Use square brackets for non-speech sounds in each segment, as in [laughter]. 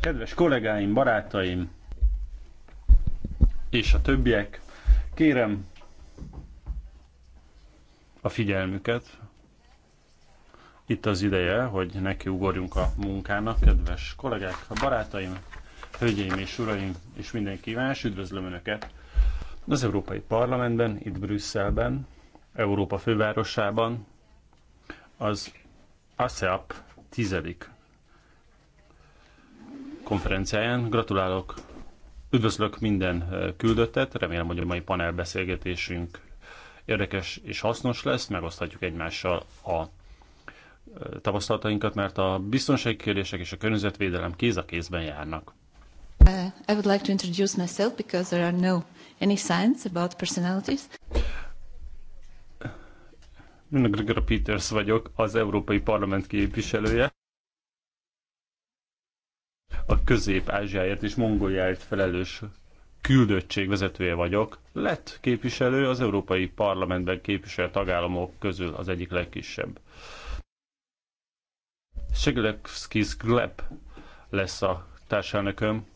Kedves kollégáim, barátaim és a többiek, kérem a figyelmüket. Itt az ideje, hogy nekiugorjunk a munkának, kedves kollégák, a barátaim, hölgyeim és uraim, és mindenki más, üdvözlöm Önöket az Európai Parlamentben, itt Brüsszelben, Európa fővárosában, az ASEAP tizedik konferenciáján. Gratulálok, üdvözlök minden eh, küldöttet, remélem, hogy a mai panelbeszélgetésünk érdekes és hasznos lesz, megoszthatjuk egymással a eh, tapasztalatainkat, mert a biztonsági kérdések és a környezetvédelem kéz a kézben járnak. Uh, I would like to introduce myself because there are no any signs about personalities. Gregor Peters vagyok, az Európai Parlament képviselője. A Közép-Ázsiáért és Mongóliáért felelős küldöttség vezetője vagyok. Lett képviselő, az Európai Parlamentben képviselő tagállamok közül az egyik legkisebb. Segelevskis Gleb lesz a társelnököm,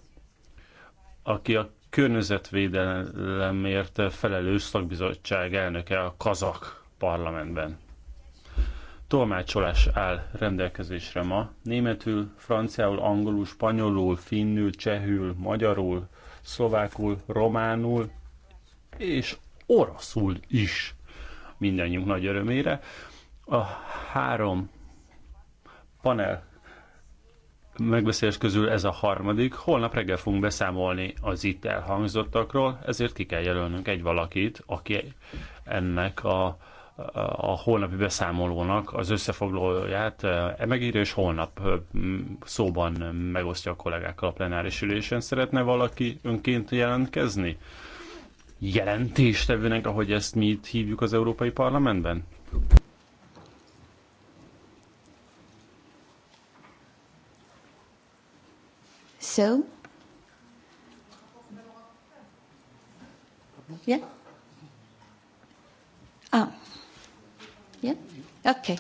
aki a környezetvédelemért felelős szakbizottság elnöke a kazak parlamentben. Tolmácsolás áll rendelkezésre ma. Németül, franciául, angolul, spanyolul, finnül, csehül, magyarul, szlovákul, románul és oroszul is mindannyiunk nagy örömére. A három panel megbeszélés közül ez a harmadik. Holnap reggel fogunk beszámolni az itt elhangzottakról, ezért ki kell jelölnünk egy valakit, aki ennek a a holnapi beszámolónak az összefoglalóját eh, megírja, és holnap eh, szóban megosztja a kollégákkal a plenáris ülésen. Szeretne valaki önként jelentkezni? Jelentéstevőnek, ahogy ezt mi itt hívjuk az Európai Parlamentben? So? Yeah? Ah, Yeah? Okay.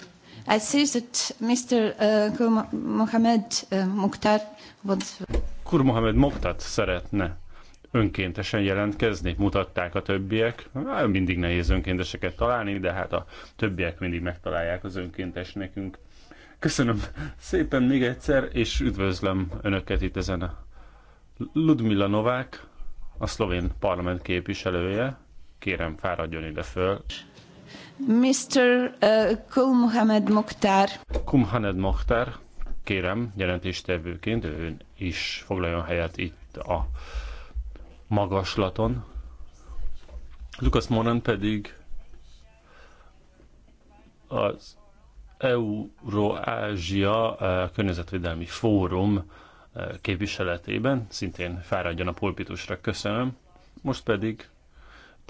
I see that Mr. Uh, Mohamed uh, Mukhtar wants... Kur Mohamed Mokhtat szeretne önkéntesen jelentkezni, mutatták a többiek. Mindig nehéz önkénteseket találni, de hát a többiek mindig megtalálják az önkéntes nekünk. Köszönöm szépen még egyszer, és üdvözlöm Önöket itt ezen a Ludmila Novák, a szlovén parlament képviselője. Kérem, fáradjon ide föl. Mr. Uh, Kul Mohamed Mokhtar. Muhammad Mokhtar, kérem, jelentéstevőként ön is foglaljon helyet itt a magaslaton. Lukas Moran pedig az Euróázsia uh, Környezetvédelmi Fórum uh, képviseletében, szintén fáradjon a pulpitusra, köszönöm. Most pedig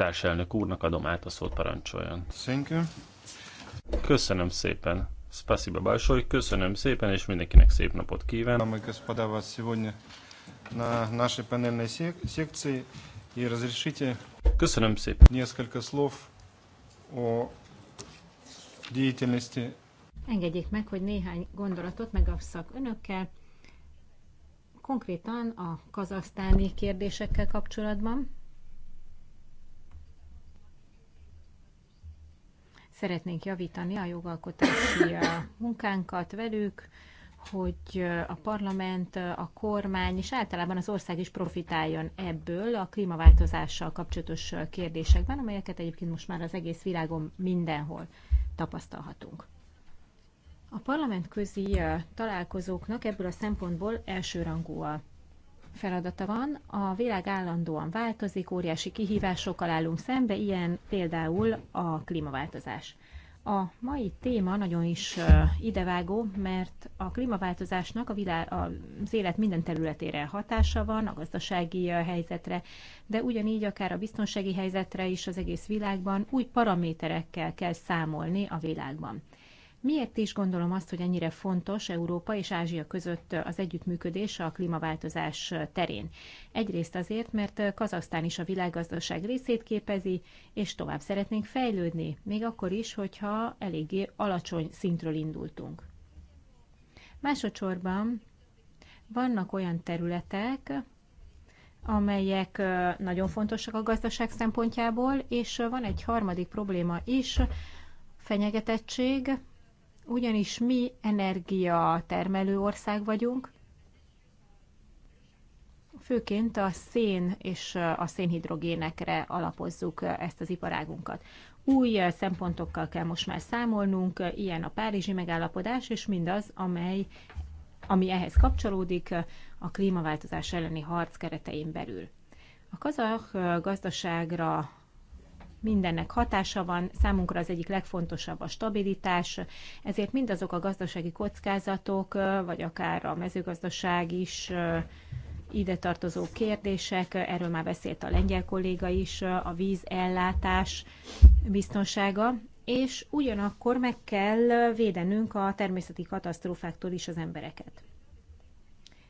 társelnök úrnak adom át a szót, parancsoljon. Köszönöm szépen. Спасибо большое. Köszönöm szépen, és mindenkinek szép napot kívánok. Мы, господа, вас сегодня на нашей панельной секции. И разрешите Köszönöm szépen. несколько слов о деятельности. Engedjék meg, hogy néhány gondolatot megasszak önökkel, konkrétan a kazasztáni kérdésekkel kapcsolatban. Szeretnénk javítani a jogalkotási munkánkat velük, hogy a parlament, a kormány és általában az ország is profitáljon ebből a klímaváltozással kapcsolatos kérdésekben, amelyeket egyébként most már az egész világon mindenhol tapasztalhatunk. A parlament közi találkozóknak ebből a szempontból elsőrangú a feladata van. A világ állandóan változik, óriási kihívásokkal állunk szembe, ilyen például a klímaváltozás. A mai téma nagyon is idevágó, mert a klímaváltozásnak a világ, az élet minden területére hatása van, a gazdasági helyzetre, de ugyanígy akár a biztonsági helyzetre is az egész világban új paraméterekkel kell számolni a világban. Miért is gondolom azt, hogy ennyire fontos Európa és Ázsia között az együttműködés a klímaváltozás terén? Egyrészt azért, mert Kazasztán is a világgazdaság részét képezi, és tovább szeretnénk fejlődni, még akkor is, hogyha eléggé alacsony szintről indultunk. Másodszorban vannak olyan területek, amelyek nagyon fontosak a gazdaság szempontjából, és van egy harmadik probléma is, fenyegetettség, ugyanis mi energia termelő ország vagyunk, főként a szén és a szénhidrogénekre alapozzuk ezt az iparágunkat. Új szempontokkal kell most már számolnunk, ilyen a Párizsi megállapodás, és mindaz, amely, ami ehhez kapcsolódik a klímaváltozás elleni harc keretein belül. A kazah gazdaságra mindennek hatása van, számunkra az egyik legfontosabb a stabilitás, ezért mindazok a gazdasági kockázatok, vagy akár a mezőgazdaság is ide tartozó kérdések, erről már beszélt a lengyel kolléga is, a vízellátás biztonsága, és ugyanakkor meg kell védenünk a természeti katasztrófáktól is az embereket.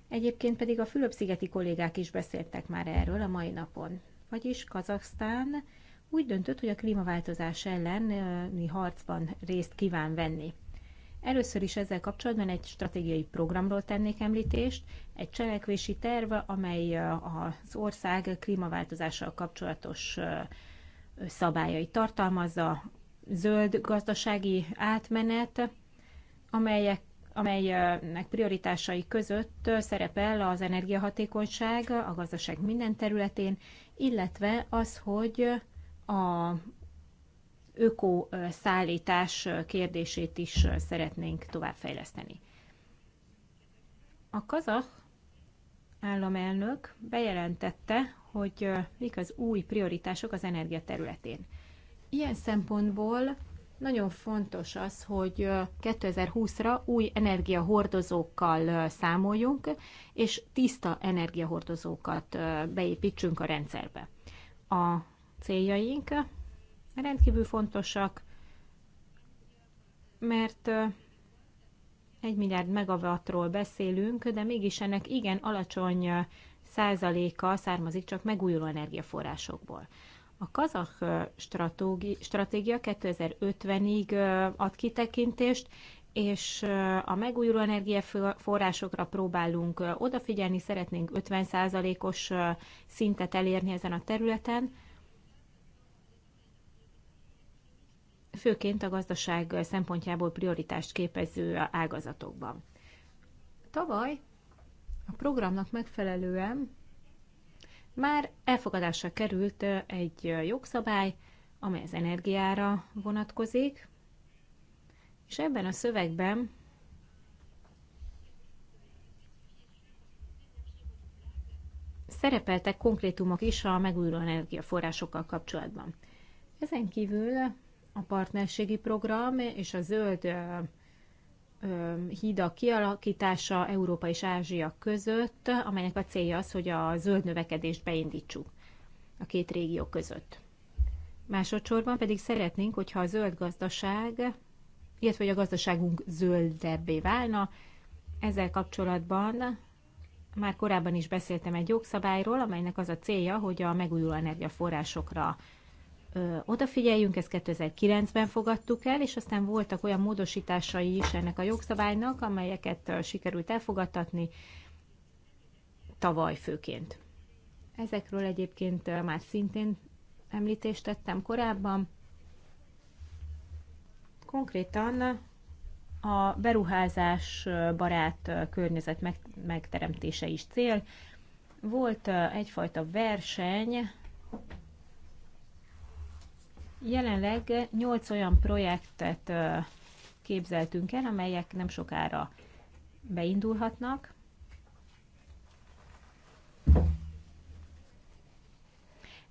Egyébként pedig a Fülöp-szigeti kollégák is beszéltek már erről a mai napon. Vagyis Kazaksztán úgy döntött, hogy a klímaváltozás elleni harcban részt kíván venni. Először is ezzel kapcsolatban egy stratégiai programról tennék említést, egy cselekvési terv, amely az ország klímaváltozással kapcsolatos szabályai tartalmazza, zöld gazdasági átmenet, amelyek amelynek prioritásai között szerepel az energiahatékonyság a gazdaság minden területén, illetve az, hogy a öko szállítás kérdését is szeretnénk továbbfejleszteni. A kazah államelnök bejelentette, hogy mik az új prioritások az energia területén. Ilyen szempontból nagyon fontos az, hogy 2020-ra új energiahordozókkal számoljunk, és tiszta energiahordozókat beépítsünk a rendszerbe. A céljaink rendkívül fontosak, mert egy milliárd megawattról beszélünk, de mégis ennek igen alacsony százaléka származik csak megújuló energiaforrásokból. A kazak stratégia 2050-ig ad kitekintést, és a megújuló energiaforrásokra próbálunk odafigyelni, szeretnénk 50%-os szintet elérni ezen a területen, főként a gazdaság szempontjából prioritást képező ágazatokban. Tavaly a programnak megfelelően már elfogadásra került egy jogszabály, amely az energiára vonatkozik, és ebben a szövegben szerepeltek konkrétumok is a megújuló energiaforrásokkal kapcsolatban. Ezen kívül a partnerségi program és a zöld hídak kialakítása Európa és Ázsia között, amelynek a célja az, hogy a zöld növekedést beindítsuk a két régió között. Másodszorban pedig szeretnénk, hogyha a zöld gazdaság, illetve hogy a gazdaságunk zöldebbé válna. Ezzel kapcsolatban már korábban is beszéltem egy jogszabályról, amelynek az a célja, hogy a megújuló energiaforrásokra ö, odafigyeljünk, ezt 2009-ben fogadtuk el, és aztán voltak olyan módosításai is ennek a jogszabálynak, amelyeket ö, sikerült elfogadtatni tavaly főként. Ezekről egyébként ö, már szintén említést tettem korábban. Konkrétan a beruházás barát környezet megteremtése is cél. Volt egyfajta verseny Jelenleg 8 olyan projektet képzeltünk el, amelyek nem sokára beindulhatnak.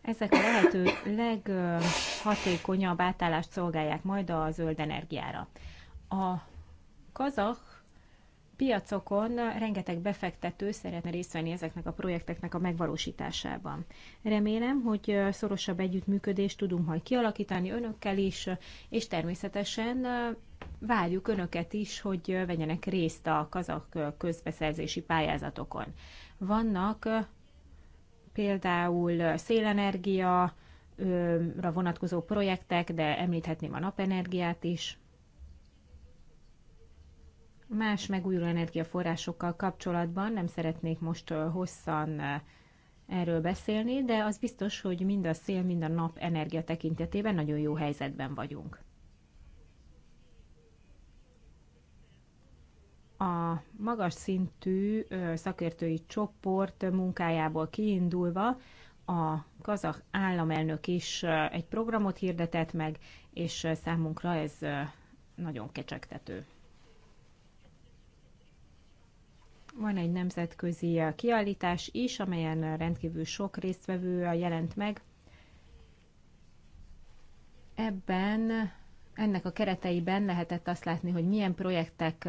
Ezek a lehető leghatékonyabb átállást szolgálják majd a zöld energiára. A kazakh piacokon rengeteg befektető szeretne részt venni ezeknek a projekteknek a megvalósításában. Remélem, hogy szorosabb együttműködést tudunk majd kialakítani önökkel is, és természetesen várjuk önöket is, hogy vegyenek részt a kazak közbeszerzési pályázatokon. Vannak például szélenergia, ra vonatkozó projektek, de említhetném a napenergiát is más megújuló energiaforrásokkal kapcsolatban nem szeretnék most hosszan erről beszélni, de az biztos, hogy mind a szél, mind a nap energia tekintetében nagyon jó helyzetben vagyunk. a magas szintű szakértői csoport munkájából kiindulva a kazah államelnök is egy programot hirdetett meg, és számunkra ez nagyon kecsegtető. Van egy nemzetközi kiállítás is, amelyen rendkívül sok résztvevő jelent meg. Ebben, ennek a kereteiben lehetett azt látni, hogy milyen projektek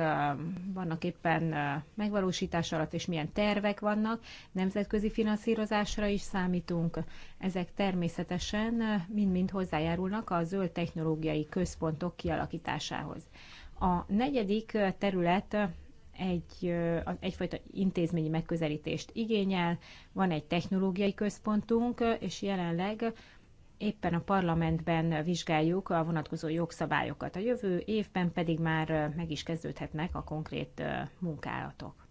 vannak éppen megvalósítás alatt, és milyen tervek vannak. Nemzetközi finanszírozásra is számítunk. Ezek természetesen mind-mind hozzájárulnak a zöld technológiai központok kialakításához. A negyedik terület egy, egyfajta intézményi megközelítést igényel, van egy technológiai központunk, és jelenleg éppen a parlamentben vizsgáljuk a vonatkozó jogszabályokat. A jövő évben pedig már meg is kezdődhetnek a konkrét munkálatok.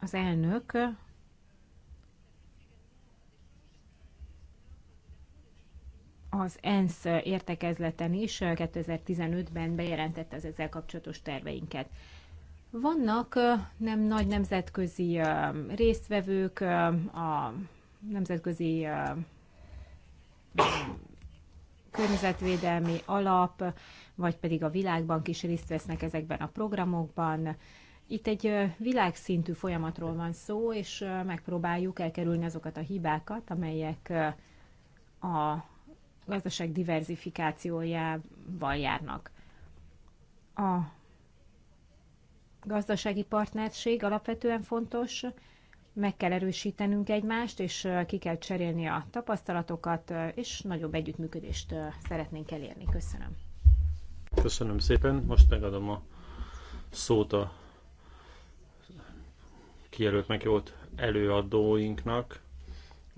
Az elnök az ENSZ értekezleten is 2015-ben bejelentette az ezzel kapcsolatos terveinket. Vannak nem nagy nemzetközi résztvevők, a nemzetközi környezetvédelmi alap, vagy pedig a világbank is részt vesznek ezekben a programokban. Itt egy világszintű folyamatról van szó, és megpróbáljuk elkerülni azokat a hibákat, amelyek a gazdaság diverzifikációjával járnak. A gazdasági partnerség alapvetően fontos, meg kell erősítenünk egymást, és ki kell cserélni a tapasztalatokat, és nagyobb együttműködést szeretnénk elérni. Köszönöm. Köszönöm szépen. Most megadom a szót a kijelölt meg jót előadóinknak.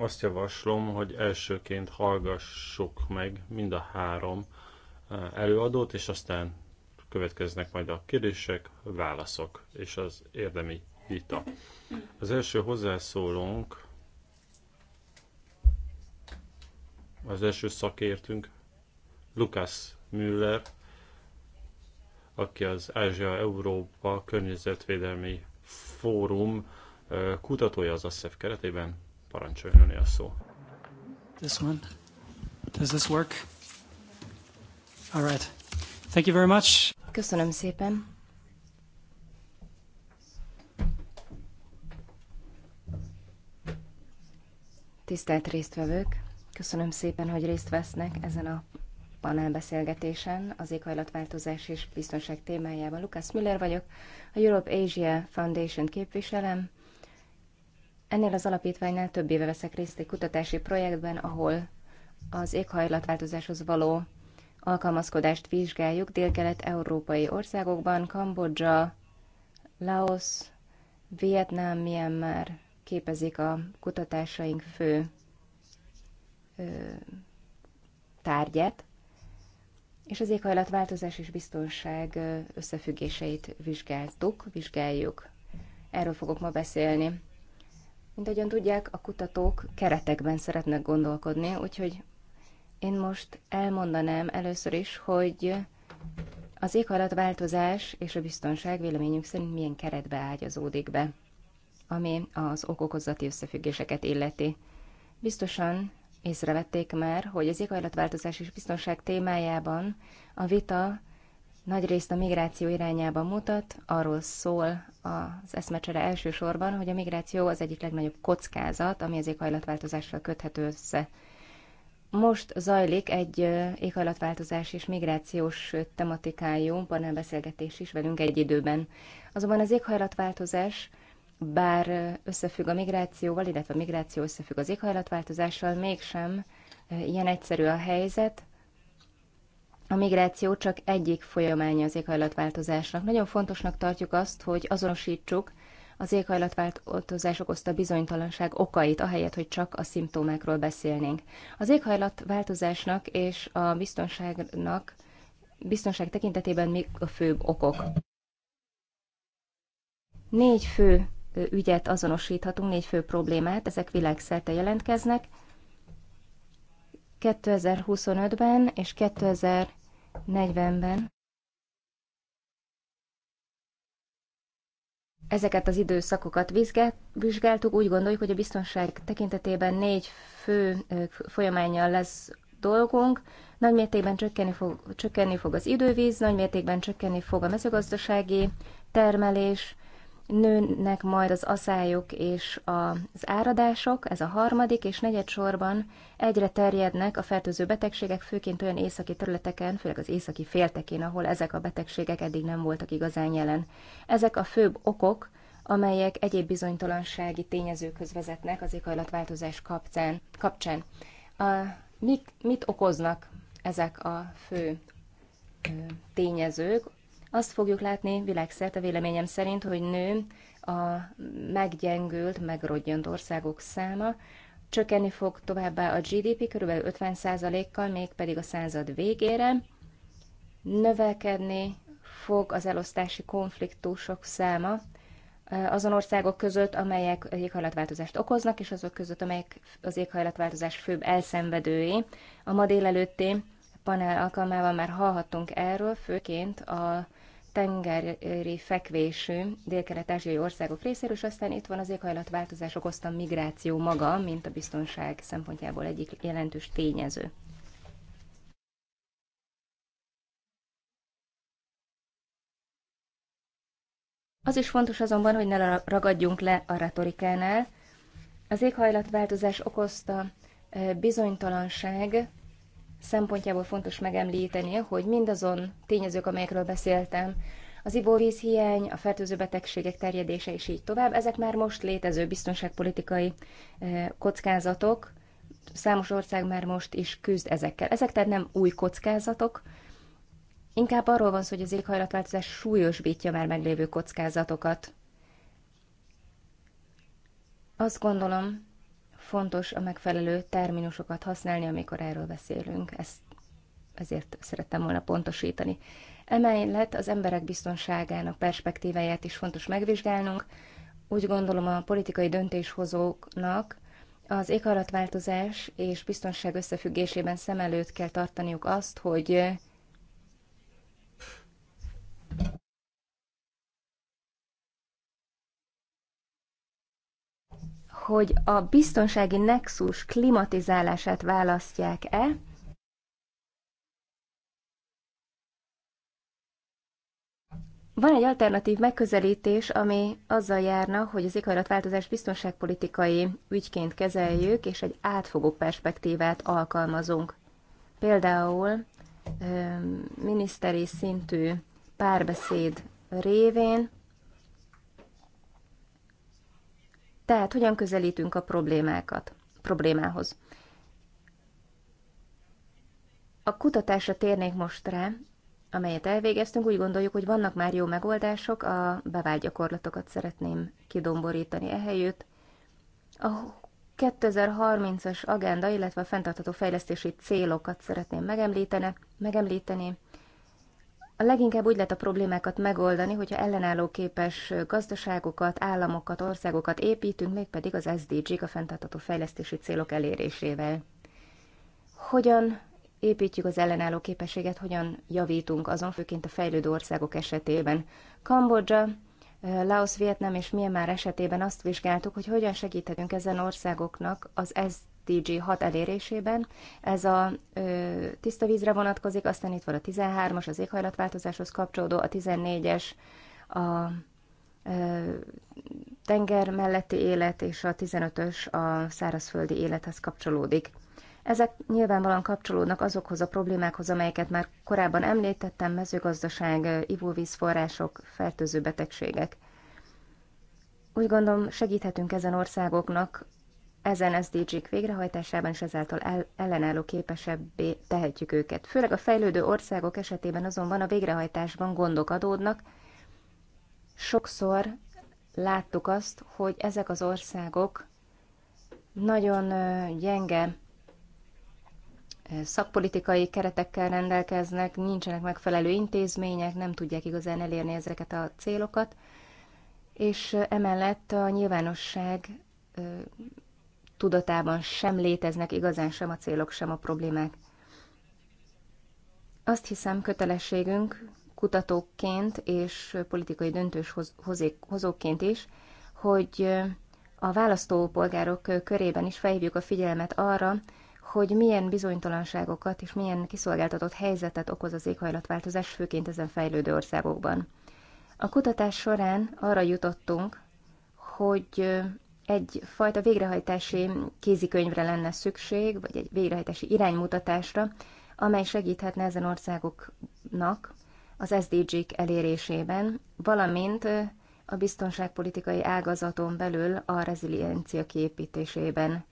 Azt javaslom, hogy elsőként hallgassuk meg mind a három eh, előadót, és aztán következnek majd a kérdések, válaszok és az érdemi vita. Az első hozzászólónk, az első szakértünk, Lukas Müller, aki az Ázsia-Európa Környezetvédelmi Fórum eh, kutatója az ASZEF keretében. Parancsoljon a szó. This one. Does this work? All right. Thank you very much. Köszönöm szépen. Tisztelt résztvevők, köszönöm szépen, hogy részt vesznek ezen a panelbeszélgetésen az éghajlatváltozás és biztonság témájában. Lukasz Müller vagyok, a Europe Asia Foundation képviselem, Ennél az alapítványnál több éve veszek részt egy kutatási projektben, ahol az éghajlatváltozáshoz való alkalmazkodást vizsgáljuk dél-kelet-európai országokban, Kambodzsa, Laos, Vietnám, Myanmar képezik a kutatásaink fő ö, tárgyát, és az éghajlatváltozás és biztonság összefüggéseit vizsgáltuk, vizsgáljuk. Erről fogok ma beszélni. Mint ahogyan tudják, a kutatók keretekben szeretnek gondolkodni, úgyhogy én most elmondanám először is, hogy az éghajlatváltozás és a biztonság véleményünk szerint milyen keretbe ágyazódik be, ami az okokozati összefüggéseket illeti. Biztosan észrevették már, hogy az éghajlatváltozás és biztonság témájában a vita nagyrészt a migráció irányába mutat, arról szól az eszmecsere elsősorban, hogy a migráció az egyik legnagyobb kockázat, ami az éghajlatváltozással köthető össze. Most zajlik egy éghajlatváltozás és migrációs tematikájú panelbeszélgetés is velünk egy időben. Azonban az éghajlatváltozás bár összefügg a migrációval, illetve a migráció összefügg az éghajlatváltozással, mégsem ilyen egyszerű a helyzet, a migráció csak egyik folyamánya az éghajlatváltozásnak. Nagyon fontosnak tartjuk azt, hogy azonosítsuk az éghajlatváltozás okozta bizonytalanság okait, ahelyett, hogy csak a szimptomákról beszélnénk. Az éghajlatváltozásnak és a biztonságnak, biztonság tekintetében mik a főbb okok? Négy fő ügyet azonosíthatunk, négy fő problémát, ezek világszerte jelentkeznek. 2025-ben és 2000 40-ben ezeket az időszakokat vizsgáltuk, úgy gondoljuk, hogy a biztonság tekintetében négy fő folyamányjal lesz dolgunk. Nagymértékben csökkenni fog, csökkenni fog az idővíz, nagymértékben csökkenni fog a mezőgazdasági termelés, nőnek majd az aszályok és az áradások, ez a harmadik, és negyedsorban egyre terjednek a fertőző betegségek, főként olyan északi területeken, főleg az északi féltekén, ahol ezek a betegségek eddig nem voltak igazán jelen. Ezek a főbb okok, amelyek egyéb bizonytalansági tényezőkhöz vezetnek az éghajlatváltozás kapcsán. kapcsán. A, mit, mit okoznak ezek a fő tényezők, azt fogjuk látni világszerte véleményem szerint, hogy nő a meggyengült, megrodjant országok száma, csökkenni fog továbbá a GDP kb. 50%-kal, mégpedig a század végére, növekedni fog az elosztási konfliktusok száma azon országok között, amelyek éghajlatváltozást okoznak, és azok között, amelyek az éghajlatváltozás főbb elszenvedői. A ma délelőtti panel alkalmával már hallhattunk erről, főként a tengeri fekvésű dél-kelet-ázsiai országok részéről, és aztán itt van az éghajlatváltozás okozta migráció maga, mint a biztonság szempontjából egyik jelentős tényező. Az is fontos azonban, hogy ne ragadjunk le a retorikánál. Az éghajlatváltozás okozta bizonytalanság szempontjából fontos megemlíteni, hogy mindazon tényezők, amelyekről beszéltem, az ivóvíz hiány, a fertőző betegségek terjedése és így tovább, ezek már most létező biztonságpolitikai eh, kockázatok, számos ország már most is küzd ezekkel. Ezek tehát nem új kockázatok, inkább arról van szó, hogy az éghajlatváltozás súlyosbítja már meglévő kockázatokat. Azt gondolom, fontos a megfelelő terminusokat használni, amikor erről beszélünk. Ezt ezért szerettem volna pontosítani. Emellett az emberek biztonságának perspektíváját is fontos megvizsgálnunk. Úgy gondolom a politikai döntéshozóknak az éghajlatváltozás és biztonság összefüggésében szem előtt kell tartaniuk azt, hogy hogy a biztonsági nexus klimatizálását választják-e, Van egy alternatív megközelítés, ami azzal járna, hogy az éghajlatváltozás biztonságpolitikai ügyként kezeljük, és egy átfogó perspektívát alkalmazunk. Például miniszteri szintű párbeszéd révén Tehát hogyan közelítünk a problémákat, problémához. A kutatásra térnék most rá, amelyet elvégeztünk, úgy gondoljuk, hogy vannak már jó megoldások, a bevált gyakorlatokat szeretném kidomborítani ehelyütt. A 2030-as agenda, illetve a fenntartható fejlesztési célokat szeretném megemlíteni, megemlíteni a leginkább úgy lehet a problémákat megoldani, hogyha ellenálló képes gazdaságokat, államokat, országokat építünk, mégpedig az SDG-k, a fenntartható fejlesztési célok elérésével. Hogyan építjük az ellenálló képességet, hogyan javítunk azon, főként a fejlődő országok esetében. Kambodzsa, Laos, Vietnám és Myanmar esetében azt vizsgáltuk, hogy hogyan segíthetünk ezen országoknak az tg 6 elérésében. Ez a ö, tiszta vízre vonatkozik, aztán itt van a 13-as, az éghajlatváltozáshoz kapcsolódó, a 14-es, a ö, tenger melletti élet, és a 15-ös a szárazföldi élethez kapcsolódik. Ezek nyilvánvalóan kapcsolódnak azokhoz a problémákhoz, amelyeket már korábban említettem, mezőgazdaság, ivóvízforrások, fertőző betegségek. Úgy gondolom, segíthetünk ezen országoknak ezen SDG-k végrehajtásában és ezáltal el, ellenálló képesebbé tehetjük őket. Főleg a fejlődő országok esetében azonban a végrehajtásban gondok adódnak. Sokszor láttuk azt, hogy ezek az országok nagyon gyenge szakpolitikai keretekkel rendelkeznek, nincsenek megfelelő intézmények, nem tudják igazán elérni ezeket a célokat, és emellett a nyilvánosság tudatában sem léteznek igazán sem a célok, sem a problémák. Azt hiszem kötelességünk kutatókként és politikai hozóként is, hogy a választópolgárok körében is felhívjuk a figyelmet arra, hogy milyen bizonytalanságokat és milyen kiszolgáltatott helyzetet okoz az éghajlatváltozás, főként ezen fejlődő országokban. A kutatás során arra jutottunk, hogy egyfajta végrehajtási kézikönyvre lenne szükség, vagy egy végrehajtási iránymutatásra, amely segíthetne ezen országoknak az SDG-k elérésében, valamint a biztonságpolitikai ágazaton belül a reziliencia kiépítésében.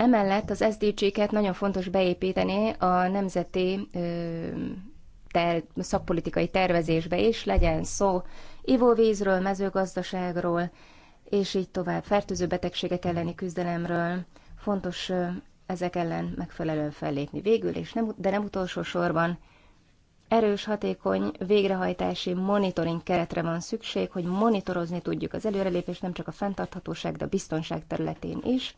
Emellett az SDG-ket nagyon fontos beépíteni a nemzeti ter- szakpolitikai tervezésbe is, legyen szó ivóvízről, mezőgazdaságról, és így tovább fertőző betegségek elleni küzdelemről. Fontos ezek ellen megfelelően fellépni végül, és nem, de nem utolsó sorban erős, hatékony végrehajtási monitoring keretre van szükség, hogy monitorozni tudjuk az előrelépést nem csak a fenntarthatóság, de a biztonság területén is.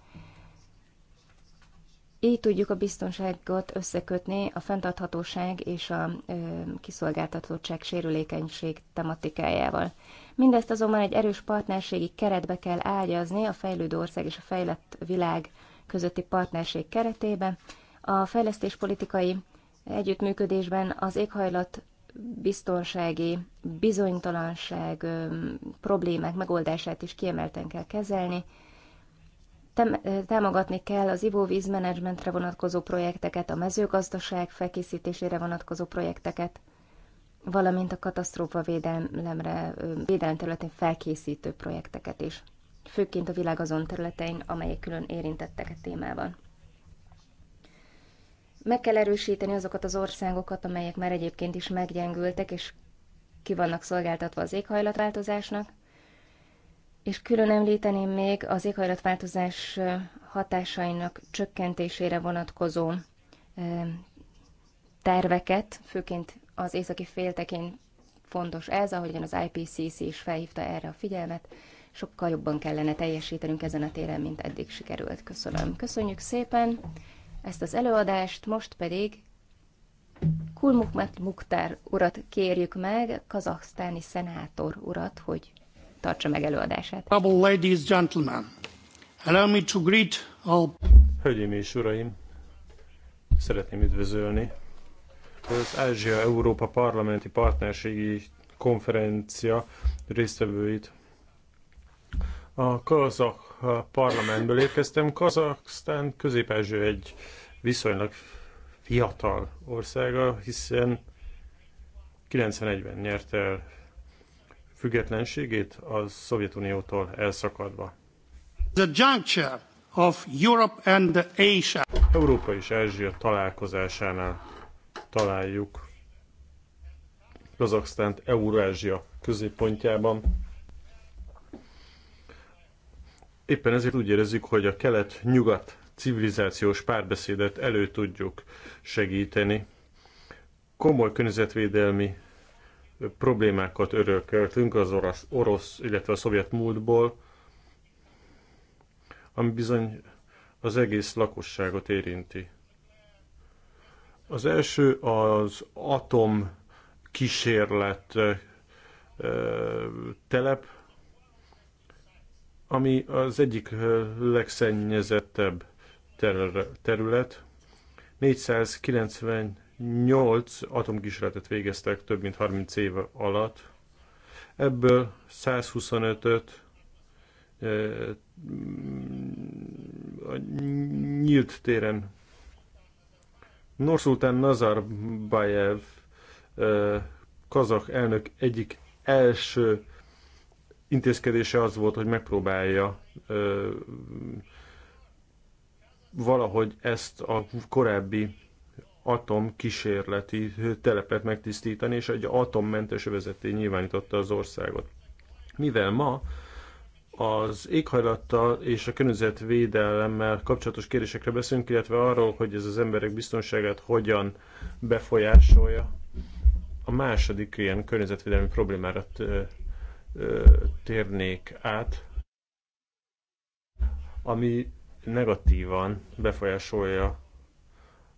Így tudjuk a biztonságot összekötni a fenntarthatóság és a ö, kiszolgáltatottság sérülékenység tematikájával. Mindezt azonban egy erős partnerségi keretbe kell ágyazni a fejlődő ország és a fejlett világ közötti partnerség keretébe. A fejlesztéspolitikai együttműködésben az éghajlat biztonsági bizonytalanság ö, problémák megoldását is kiemelten kell kezelni, támogatni kell az ivóvízmenedzsmentre vonatkozó projekteket, a mezőgazdaság felkészítésére vonatkozó projekteket, valamint a katasztrófa védelemre, védelem területén felkészítő projekteket is, főként a világ azon területein, amelyek külön érintettek a témában. Meg kell erősíteni azokat az országokat, amelyek már egyébként is meggyengültek, és ki vannak szolgáltatva az éghajlatváltozásnak, és külön említeném még az éghajlatváltozás hatásainak csökkentésére vonatkozó terveket, főként az északi féltekén fontos ez, ahogyan az IPCC is felhívta erre a figyelmet, sokkal jobban kellene teljesítenünk ezen a téren, mint eddig sikerült. Köszönöm. Köszönjük szépen ezt az előadást, most pedig Kulmukmet Muktár urat kérjük meg, kazaksztáni szenátor urat, hogy tartsa meg előadását. Hölgyeim és uraim, szeretném üdvözölni az Ázsia-Európa Parlamenti Partnerségi Konferencia résztvevőit. A kazak parlamentből érkeztem. Kazaksztán közép egy viszonylag fiatal országa, hiszen 91-ben nyert el függetlenségét a Szovjetuniótól elszakadva. The juncture of Europe and Asia. Európa és Ázsia találkozásánál találjuk Kazaksztánt Eurázsia középpontjában. Éppen ezért úgy érezzük, hogy a kelet-nyugat civilizációs párbeszédet elő tudjuk segíteni. Komoly környezetvédelmi problémákat örököltünk az orosz, orosz, illetve a szovjet múltból, ami bizony az egész lakosságot érinti. Az első az atom kísérlet telep, ami az egyik legszennyezettebb terület. 490 8 atomkísérletet végeztek több mint 30 év alatt, ebből 125-öt a nyílt téren Norszultán Nazarbayev kazak elnök egyik első intézkedése az volt, hogy megpróbálja valahogy ezt a korábbi atom kísérleti telepet megtisztítani, és egy atommentes övezeté nyilvánította az országot. Mivel ma az éghajlattal és a környezetvédelemmel kapcsolatos kérdésekre beszélünk, illetve arról, hogy ez az emberek biztonságát hogyan befolyásolja. A második ilyen környezetvédelmi problémára térnék át, ami negatívan befolyásolja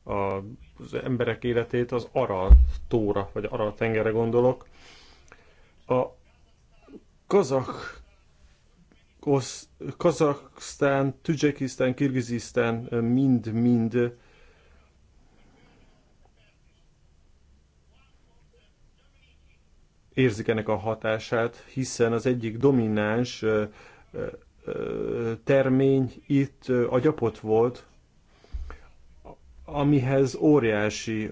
az emberek életét, az Aral tóra, vagy Aral tengerre gondolok. A kazak Kazaksztán, Tüdzsekisztán, Kirgizisztán mind-mind érzik ennek a hatását, hiszen az egyik domináns termény itt a gyapot volt, amihez óriási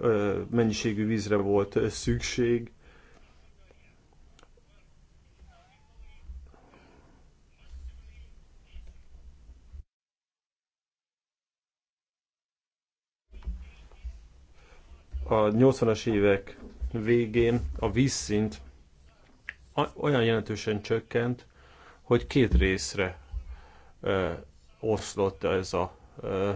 mennyiségű vízre volt szükség. A 80-as évek végén a vízszint olyan jelentősen csökkent, hogy két részre ö, oszlott ez a ö,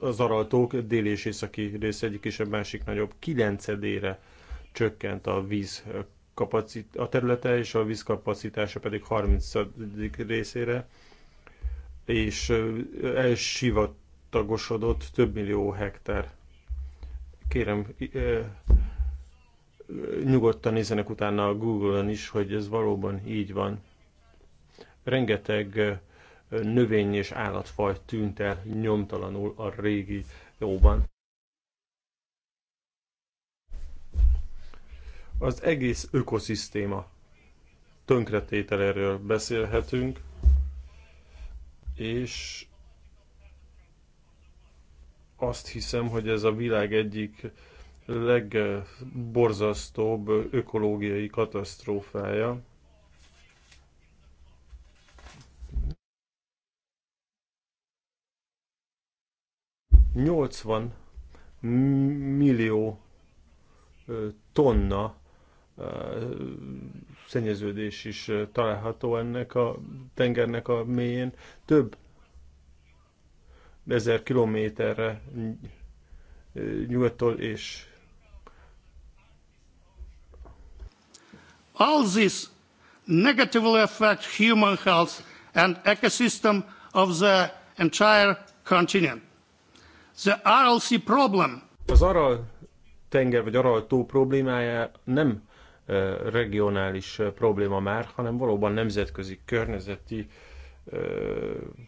az Araltók déli és északi része egyik és a másik nagyobb kilencedére csökkent a víz kapacit- a területe, és a vízkapacitása pedig 30 részére, és elsivatagosodott több millió hektár. Kérem, nyugodtan nézzenek utána a Google-on is, hogy ez valóban így van. Rengeteg növény és állatfaj tűnt el nyomtalanul a régi jóban. Az egész ökoszisztéma tönkretételéről beszélhetünk, és azt hiszem, hogy ez a világ egyik legborzasztóbb ökológiai katasztrófája. 80 millió tonna szennyeződés is található ennek a tengernek a mélyén. Több ezer kilométerre nyugattól és All this negatively affect human health and ecosystem of the entire continent. The Aral Sea problem. Az Aral tenger vagy Aral tó problémája nem regionális probléma már, hanem valóban nemzetközi környezeti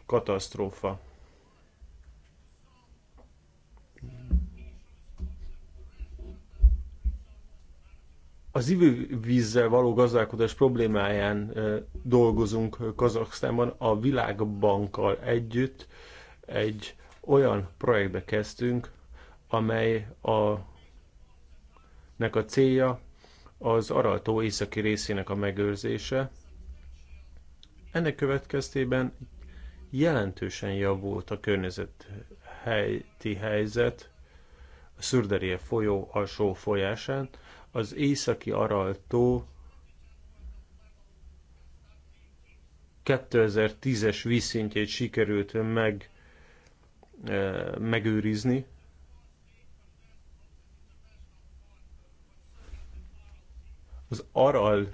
katasztrófa. Az ivővízzel való gazdálkodás problémáján dolgozunk Kazaksztánban a Világbankkal együtt egy olyan projektbe kezdtünk, amely a, nek a célja az Araltó északi részének a megőrzése. Ennek következtében jelentősen javult a helyti helyzet a Szürderie folyó alsó folyásán. Az északi Araltó 2010-es vízszintjét sikerült meg megőrizni. Az Aral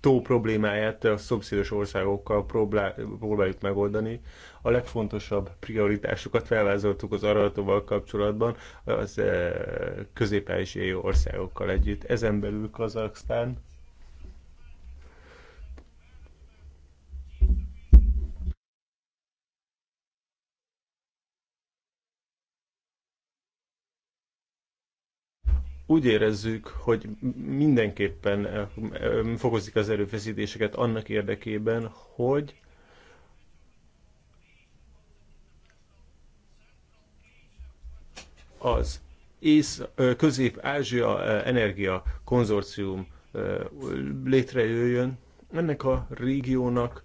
tó problémáját a szomszédos országokkal próbáljuk megoldani. A legfontosabb prioritásokat felvázoltuk az aralatóval kapcsolatban, az közép-ázsiai országokkal együtt. Ezen belül Kazaksztán úgy érezzük, hogy mindenképpen eh, eh, fokozik az erőfeszítéseket annak érdekében, hogy az ész, eh, Közép-Ázsia Energia Konzorcium létrejöjjön. Ennek a régiónak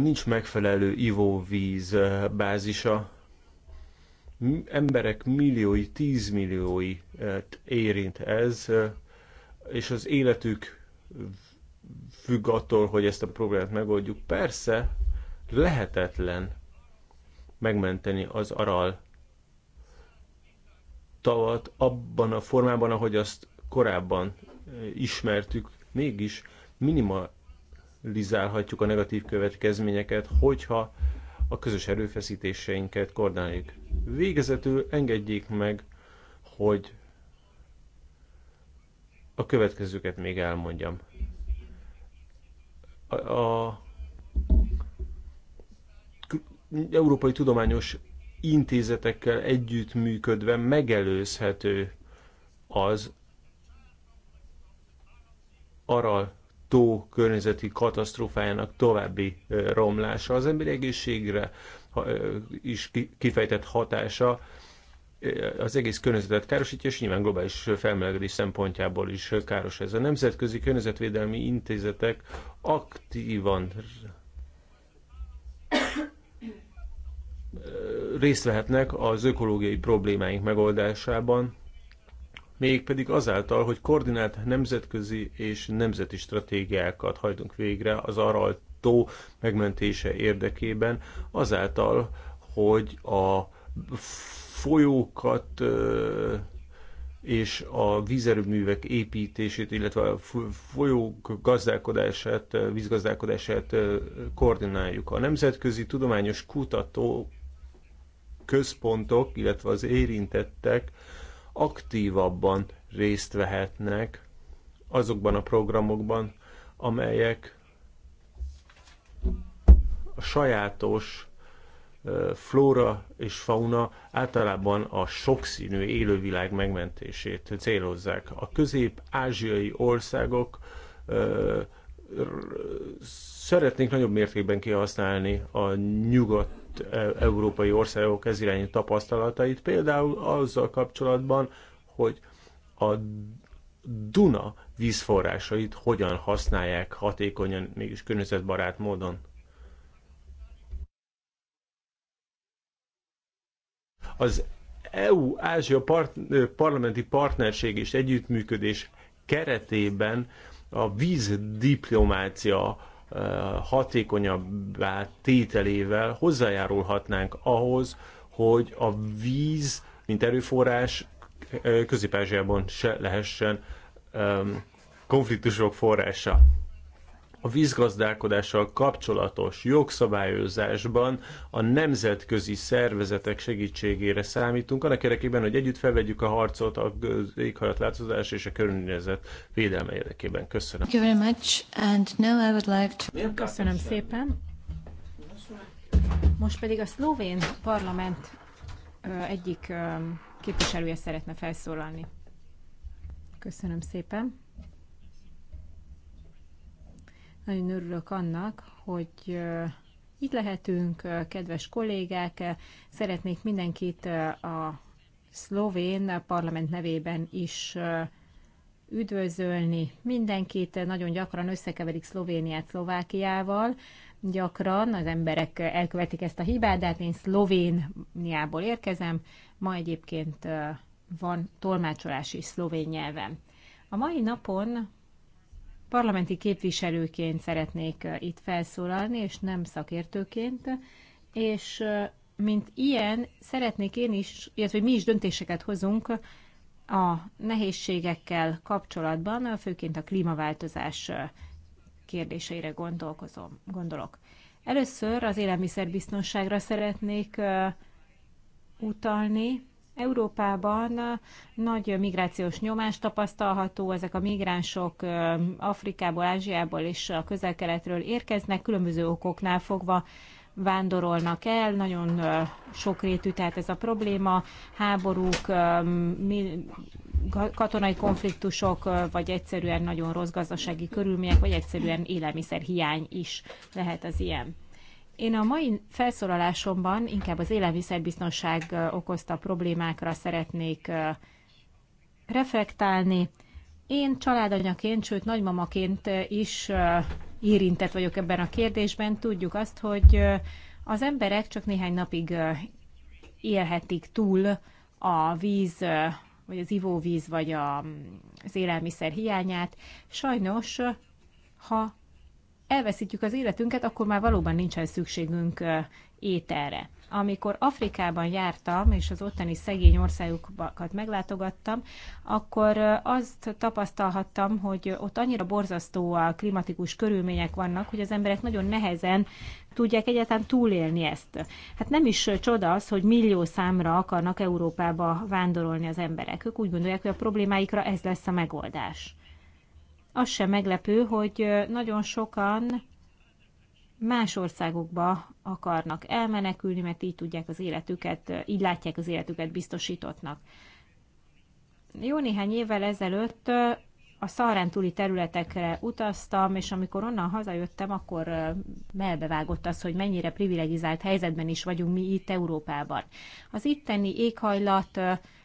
nincs megfelelő ivóvíz bázisa, emberek milliói, tízmilliói eh, érint ez, eh, és az életük függ attól, hogy ezt a problémát megoldjuk. Persze lehetetlen megmenteni az aral tavat abban a formában, ahogy azt korábban eh, ismertük, mégis minimalizálhatjuk a negatív következményeket, hogyha a közös erőfeszítéseinket koordináljuk. Végezetül engedjék meg, hogy a következőket még elmondjam. A, a európai tudományos intézetekkel együttműködve megelőzhető az aral tó környezeti katasztrófájának további romlása az emberi egészségre, is kifejtett hatása az egész környezetet károsítja, és nyilván globális felmelegedés szempontjából is káros ez. A nemzetközi környezetvédelmi intézetek aktívan részt vehetnek az ökológiai problémáink megoldásában, mégpedig azáltal, hogy koordinált nemzetközi és nemzeti stratégiákat hajtunk végre az arra tó megmentése érdekében, azáltal, hogy a folyókat és a vízerőművek építését, illetve a folyók gazdálkodását, vízgazdálkodását koordináljuk. A nemzetközi tudományos kutató központok, illetve az érintettek aktívabban részt vehetnek azokban a programokban, amelyek a sajátos flóra és fauna általában a sokszínű élővilág megmentését célozzák. A közép-ázsiai országok szeretnék nagyobb mértékben kihasználni a nyugat-európai országok ez irányú tapasztalatait, például azzal kapcsolatban, hogy a Duna vízforrásait hogyan használják hatékonyan, mégis környezetbarát módon. Az EU-Ázsia part, parlamenti partnerség és együttműködés keretében a vízdiplomácia hatékonyabbá tételével hozzájárulhatnánk ahhoz, hogy a víz, mint erőforrás közép se lehessen konfliktusok forrása a vízgazdálkodással kapcsolatos jogszabályozásban a nemzetközi szervezetek segítségére számítunk, annak érdekében, hogy együtt felvegyük a harcot a éghajlatváltozás és a környezet védelme érdekében. Köszönöm. Thank you very much, and now I would like to... Köszönöm szépen. Most pedig a szlovén parlament egyik képviselője szeretne felszólalni. Köszönöm szépen. Nagyon örülök annak, hogy itt lehetünk, kedves kollégák. Szeretnék mindenkit a szlovén parlament nevében is üdvözölni. Mindenkit nagyon gyakran összekeverik Szlovéniát Szlovákiával. Gyakran az emberek elkövetik ezt a hibát, de hát én Szlovéniából érkezem. Ma egyébként van tolmácsolás is szlovén nyelven. A mai napon Parlamenti képviselőként szeretnék itt felszólalni, és nem szakértőként, és mint ilyen szeretnék én is, illetve mi is döntéseket hozunk a nehézségekkel kapcsolatban, főként a klímaváltozás kérdéseire gondolkozom, gondolok. Először az élelmiszerbiztonságra szeretnék utalni, Európában nagy migrációs nyomás tapasztalható, ezek a migránsok Afrikából, Ázsiából és a közel-keletről érkeznek, különböző okoknál fogva vándorolnak el, nagyon sokrétű, tehát ez a probléma, háborúk, katonai konfliktusok, vagy egyszerűen nagyon rossz gazdasági körülmények, vagy egyszerűen élelmiszer hiány is lehet az ilyen. Én a mai felszólalásomban inkább az élelmiszerbiztonság okozta problémákra szeretnék reflektálni. Én családanyaként, sőt nagymamaként is érintett vagyok ebben a kérdésben. Tudjuk azt, hogy az emberek csak néhány napig élhetik túl a víz, vagy az ivóvíz, vagy mm, az élelmiszer hiányát. Sajnos, ha elveszítjük az életünket, akkor már valóban nincsen szükségünk ételre. Amikor Afrikában jártam, és az ottani szegény országokat meglátogattam, akkor azt tapasztalhattam, hogy ott annyira borzasztó a klimatikus körülmények vannak, hogy az emberek nagyon nehezen tudják egyáltalán túlélni ezt. Hát nem is csoda az, hogy millió számra akarnak Európába vándorolni az emberek. Ők úgy gondolják, hogy a problémáikra ez lesz a megoldás az sem meglepő, hogy nagyon sokan más országokba akarnak elmenekülni, mert így tudják az életüket, így látják az életüket biztosítottnak. Jó néhány évvel ezelőtt a szarán túli területekre utaztam, és amikor onnan hazajöttem, akkor melbevágott az, hogy mennyire privilegizált helyzetben is vagyunk mi itt Európában. Az itteni éghajlat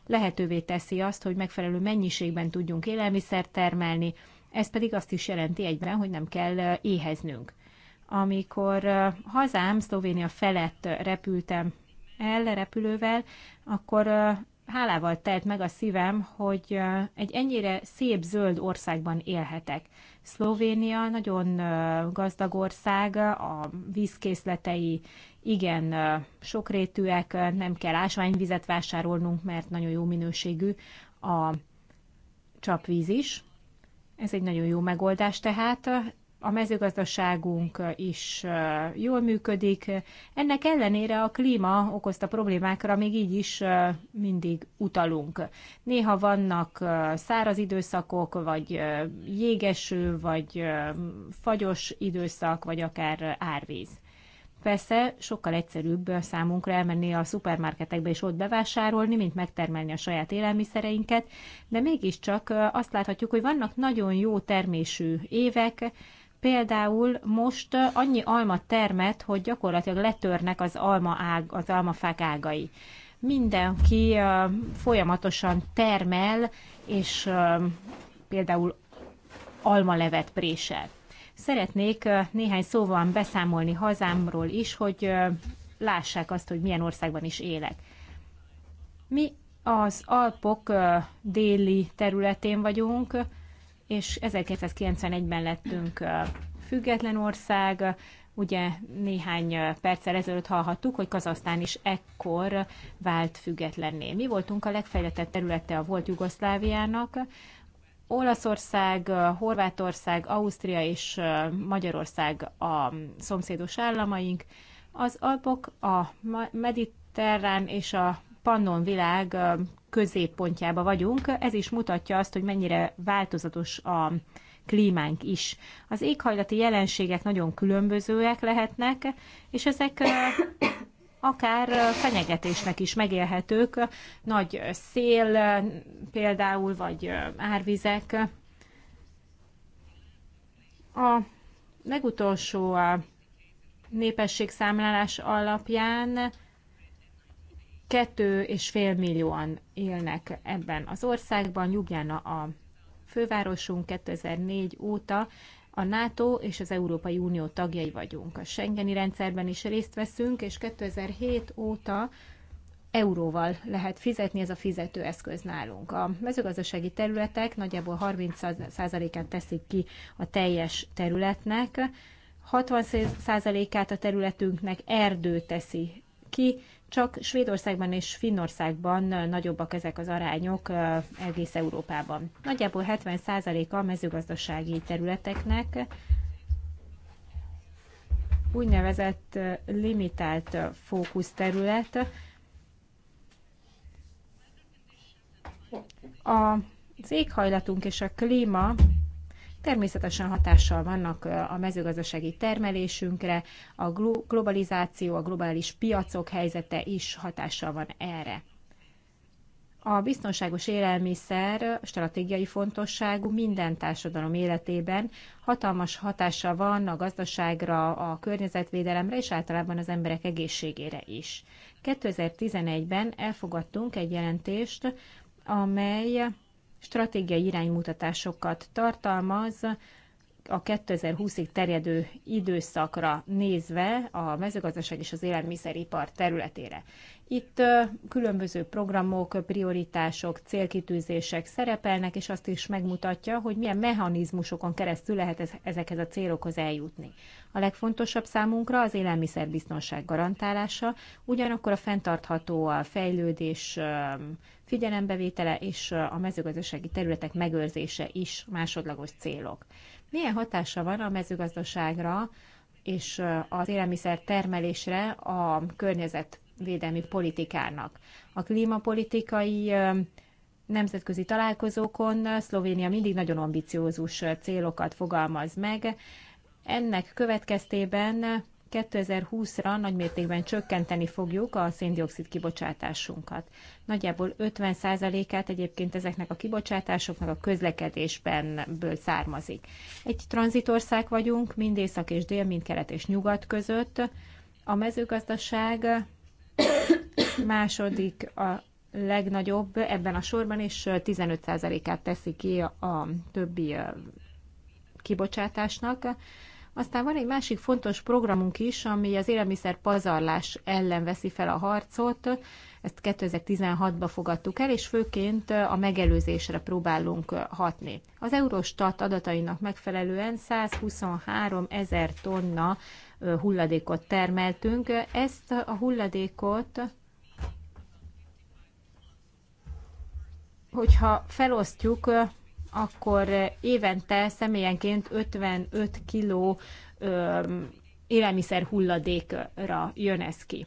lehetővé teszi azt, hogy megfelelő mennyiségben tudjunk élelmiszert termelni, ez pedig azt is jelenti egyben, hogy nem kell éheznünk. Amikor hazám Szlovénia felett repültem el repülővel, akkor hálával telt meg a szívem, hogy egy ennyire szép zöld országban élhetek. Szlovénia nagyon gazdag ország, a vízkészletei igen sokrétűek, nem kell ásványvizet vásárolnunk, mert nagyon jó minőségű a csapvíz is. Ez egy nagyon jó megoldás tehát. A mezőgazdaságunk is jól működik. Ennek ellenére a klíma okozta problémákra még így is mindig utalunk. Néha vannak száraz időszakok, vagy jégeső, vagy fagyos időszak, vagy akár árvíz. Persze sokkal egyszerűbb számunkra elmenni a szupermarketekbe és ott bevásárolni, mint megtermelni a saját élelmiszereinket, de mégiscsak azt láthatjuk, hogy vannak nagyon jó termésű évek, Például most annyi alma termet, hogy gyakorlatilag letörnek az, alma ág, az almafák ágai. Mindenki folyamatosan termel, és például almalevet présel. Szeretnék néhány szóval beszámolni hazámról is, hogy lássák azt, hogy milyen országban is élek. Mi az Alpok déli területén vagyunk, és 1991-ben lettünk független ország. Ugye néhány perccel ezelőtt hallhattuk, hogy Kazasztán is ekkor vált függetlenné. Mi voltunk a legfejlettebb területe a volt Jugoszláviának, Olaszország, Horvátország, Ausztria és Magyarország a szomszédos államaink. Az Alpok a mediterrán és a pannon világ középpontjába vagyunk. Ez is mutatja azt, hogy mennyire változatos a klímánk is. Az éghajlati jelenségek nagyon különbözőek lehetnek, és ezek akár fenyegetésnek is megélhetők, nagy szél például, vagy árvizek. A legutolsó népességszámlálás alapján 2,5 millióan élnek ebben az országban. Ljubljana a fővárosunk 2004 óta a NATO és az Európai Unió tagjai vagyunk. A Schengeni rendszerben is részt veszünk, és 2007 óta euróval lehet fizetni, ez a fizetőeszköz nálunk. A mezőgazdasági területek nagyjából 30%-át teszik ki a teljes területnek, 60%-át a területünknek erdő teszi ki, csak Svédországban és Finnországban nagyobbak ezek az arányok egész Európában. Nagyjából 70%-a a mezőgazdasági területeknek úgynevezett limitált fókuszterület. A az éghajlatunk és a klíma természetesen hatással vannak a mezőgazdasági termelésünkre, a globalizáció, a globális piacok helyzete is hatással van erre. A biztonságos élelmiszer stratégiai fontosságú minden társadalom életében hatalmas hatása van a gazdaságra, a környezetvédelemre és általában az emberek egészségére is. 2011-ben elfogadtunk egy jelentést, amely stratégiai iránymutatásokat tartalmaz, a 2020-ig terjedő időszakra nézve a mezőgazdaság és az élelmiszeripar területére. Itt különböző programok, prioritások, célkitűzések szerepelnek, és azt is megmutatja, hogy milyen mechanizmusokon keresztül lehet ezekhez a célokhoz eljutni. A legfontosabb számunkra az élelmiszerbiztonság garantálása, ugyanakkor a fenntartható a fejlődés figyelembevétele és a mezőgazdasági területek megőrzése is másodlagos célok. Milyen hatása van a mezőgazdaságra és az élelmiszer termelésre a környezetvédelmi politikának? A klímapolitikai nemzetközi találkozókon Szlovénia mindig nagyon ambiciózus célokat fogalmaz meg. Ennek következtében 2020-ra nagymértékben csökkenteni fogjuk a széndiokszid kibocsátásunkat. Nagyjából 50%-át egyébként ezeknek a kibocsátásoknak a közlekedésben ből származik. Egy tranzitország vagyunk, mind észak és dél, mind kelet és nyugat között. A mezőgazdaság [coughs] második a legnagyobb ebben a sorban, és 15%-át teszi ki a többi kibocsátásnak aztán van egy másik fontos programunk is, ami az élelmiszer pazarlás ellen veszi fel a harcot. Ezt 2016-ban fogadtuk el, és főként a megelőzésre próbálunk hatni. Az Eurostat adatainak megfelelően 123 ezer tonna hulladékot termeltünk. Ezt a hulladékot hogyha felosztjuk akkor évente személyenként 55 kg élelmiszer hulladékra jön ez ki.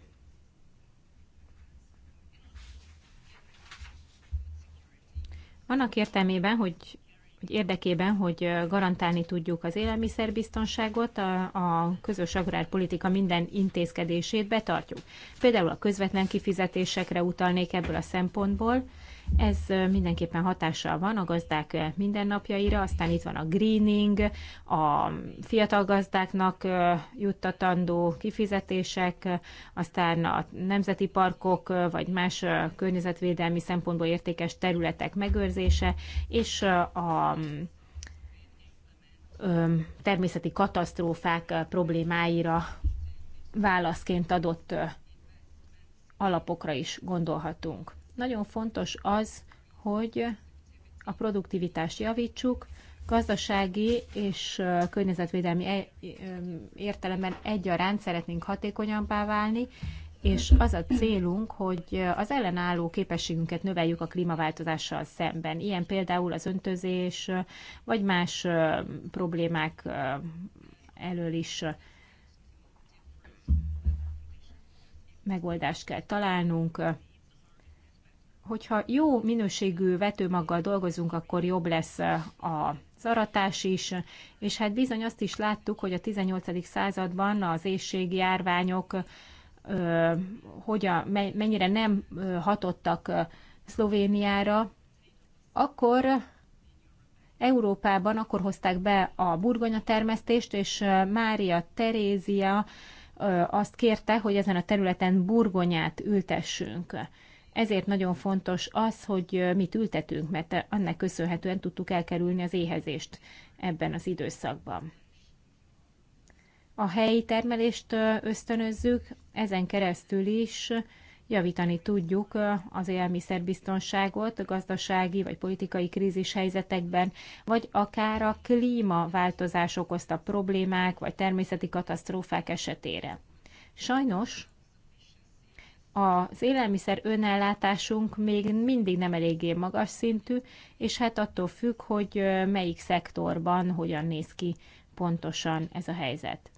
Annak értelmében, hogy, hogy érdekében, hogy garantálni tudjuk az élelmiszerbiztonságot, a, a közös agrárpolitika minden intézkedését betartjuk. Például a közvetlen kifizetésekre utalnék ebből a szempontból, ez mindenképpen hatással van a gazdák mindennapjaira, aztán itt van a greening, a fiatal gazdáknak juttatandó kifizetések, aztán a nemzeti parkok vagy más környezetvédelmi szempontból értékes területek megőrzése, és a természeti katasztrófák problémáira válaszként adott alapokra is gondolhatunk. Nagyon fontos az, hogy a produktivitást javítsuk, gazdasági és környezetvédelmi e, értelemben egyaránt szeretnénk hatékonyabbá válni, és az a célunk, hogy az ellenálló képességünket növeljük a klímaváltozással szemben. Ilyen például az öntözés, vagy más problémák elől is megoldást kell találnunk hogyha jó minőségű vetőmaggal dolgozunk, akkor jobb lesz eh, a szaratás is, és hát bizony azt is láttuk, hogy a 18. században az éjségi járványok eh, hogy a, mennyire nem eh, hatottak Szlovéniára, akkor Európában akkor hozták be a burgonya termesztést, és Mária Terézia azt kérte, hogy ezen a területen burgonyát ültessünk. Ezért nagyon fontos az, hogy mit ültetünk, mert annak köszönhetően tudtuk elkerülni az éhezést ebben az időszakban. A helyi termelést ösztönözzük, ezen keresztül is javítani tudjuk az élmiszerbiztonságot a gazdasági vagy politikai krízis helyzetekben, vagy akár a klímaváltozás okozta problémák vagy természeti katasztrófák esetére. Sajnos az élelmiszer önellátásunk még mindig nem eléggé magas szintű, és hát attól függ, hogy melyik szektorban hogyan néz ki pontosan ez a helyzet.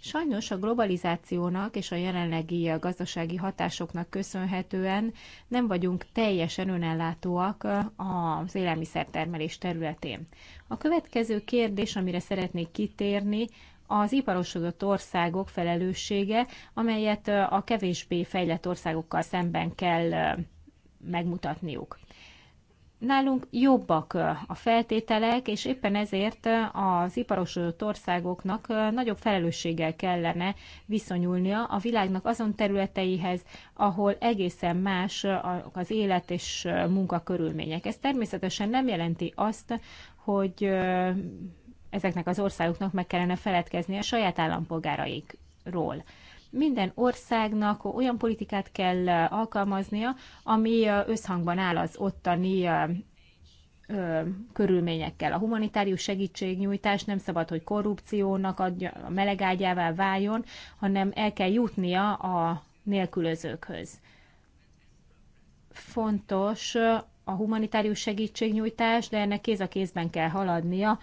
Sajnos a globalizációnak és a jelenlegi gazdasági hatásoknak köszönhetően nem vagyunk teljesen önellátóak az élelmiszertermelés területén. A következő kérdés, amire szeretnék kitérni, az iparosodott országok felelőssége, amelyet a kevésbé fejlett országokkal szemben kell megmutatniuk. Nálunk jobbak a feltételek, és éppen ezért az iparosodott országoknak nagyobb felelősséggel kellene viszonyulnia a világnak azon területeihez, ahol egészen más az élet és munka körülmények. Ez természetesen nem jelenti azt, hogy ezeknek az országoknak meg kellene feledkezni a saját állampolgáraikról. Minden országnak olyan politikát kell alkalmaznia, ami összhangban áll az ottani körülményekkel. A humanitárius segítségnyújtás nem szabad, hogy korrupciónak adja, a melegágyává váljon, hanem el kell jutnia a nélkülözőkhöz. Fontos a humanitárius segítségnyújtás, de ennek kéz a kézben kell haladnia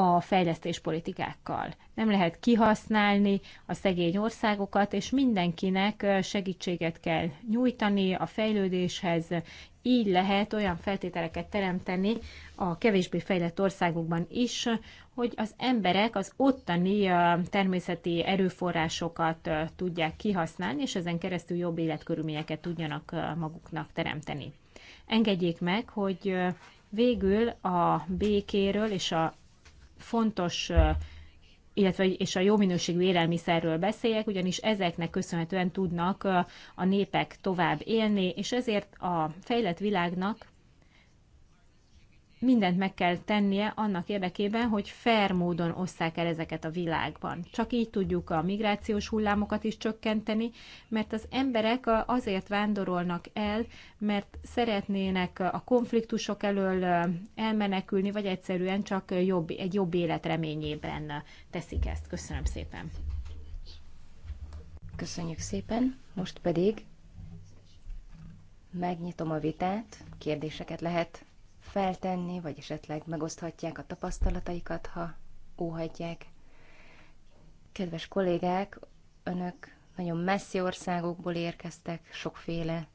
a fejlesztéspolitikákkal. Nem lehet kihasználni a szegény országokat, és mindenkinek segítséget kell nyújtani a fejlődéshez. Így lehet olyan feltételeket teremteni a kevésbé fejlett országokban is, hogy az emberek az ottani természeti erőforrásokat tudják kihasználni, és ezen keresztül jobb életkörülményeket tudjanak maguknak teremteni. Engedjék meg, hogy végül a békéről és a fontos illetve és a jó minőségű élelmiszerről beszéljek, ugyanis ezeknek köszönhetően tudnak a népek tovább élni, és ezért a fejlett világnak mindent meg kell tennie annak érdekében, hogy fair módon osszák el ezeket a világban. Csak így tudjuk a migrációs hullámokat is csökkenteni, mert az emberek azért vándorolnak el, mert szeretnének a konfliktusok elől elmenekülni, vagy egyszerűen csak jobb, egy jobb élet reményében teszik ezt. Köszönöm szépen. Köszönjük szépen. Most pedig megnyitom a vitát, kérdéseket lehet feltenni, vagy esetleg megoszthatják a tapasztalataikat, ha óhatják. Kedves kollégák, önök nagyon messzi országokból érkeztek, sokféle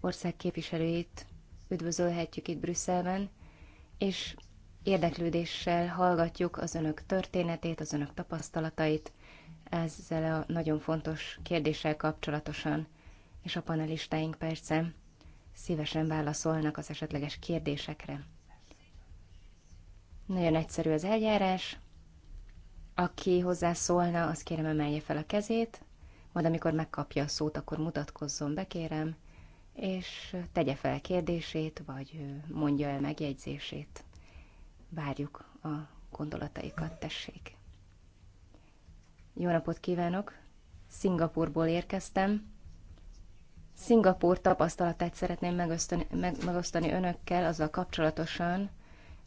ország képviselőit üdvözölhetjük itt Brüsszelben, és érdeklődéssel hallgatjuk az önök történetét, az önök tapasztalatait ezzel a nagyon fontos kérdéssel kapcsolatosan, és a panelistáink persze szívesen válaszolnak az esetleges kérdésekre. Nagyon egyszerű az eljárás. Aki hozzászólna, az kérem emelje fel a kezét, majd amikor megkapja a szót, akkor mutatkozzon be, kérem, és tegye fel kérdését, vagy mondja el megjegyzését. Várjuk a gondolataikat, tessék. Jó napot kívánok! Szingapurból érkeztem. Szingapúr tapasztalatát szeretném megosztani, meg, megosztani önökkel azzal kapcsolatosan,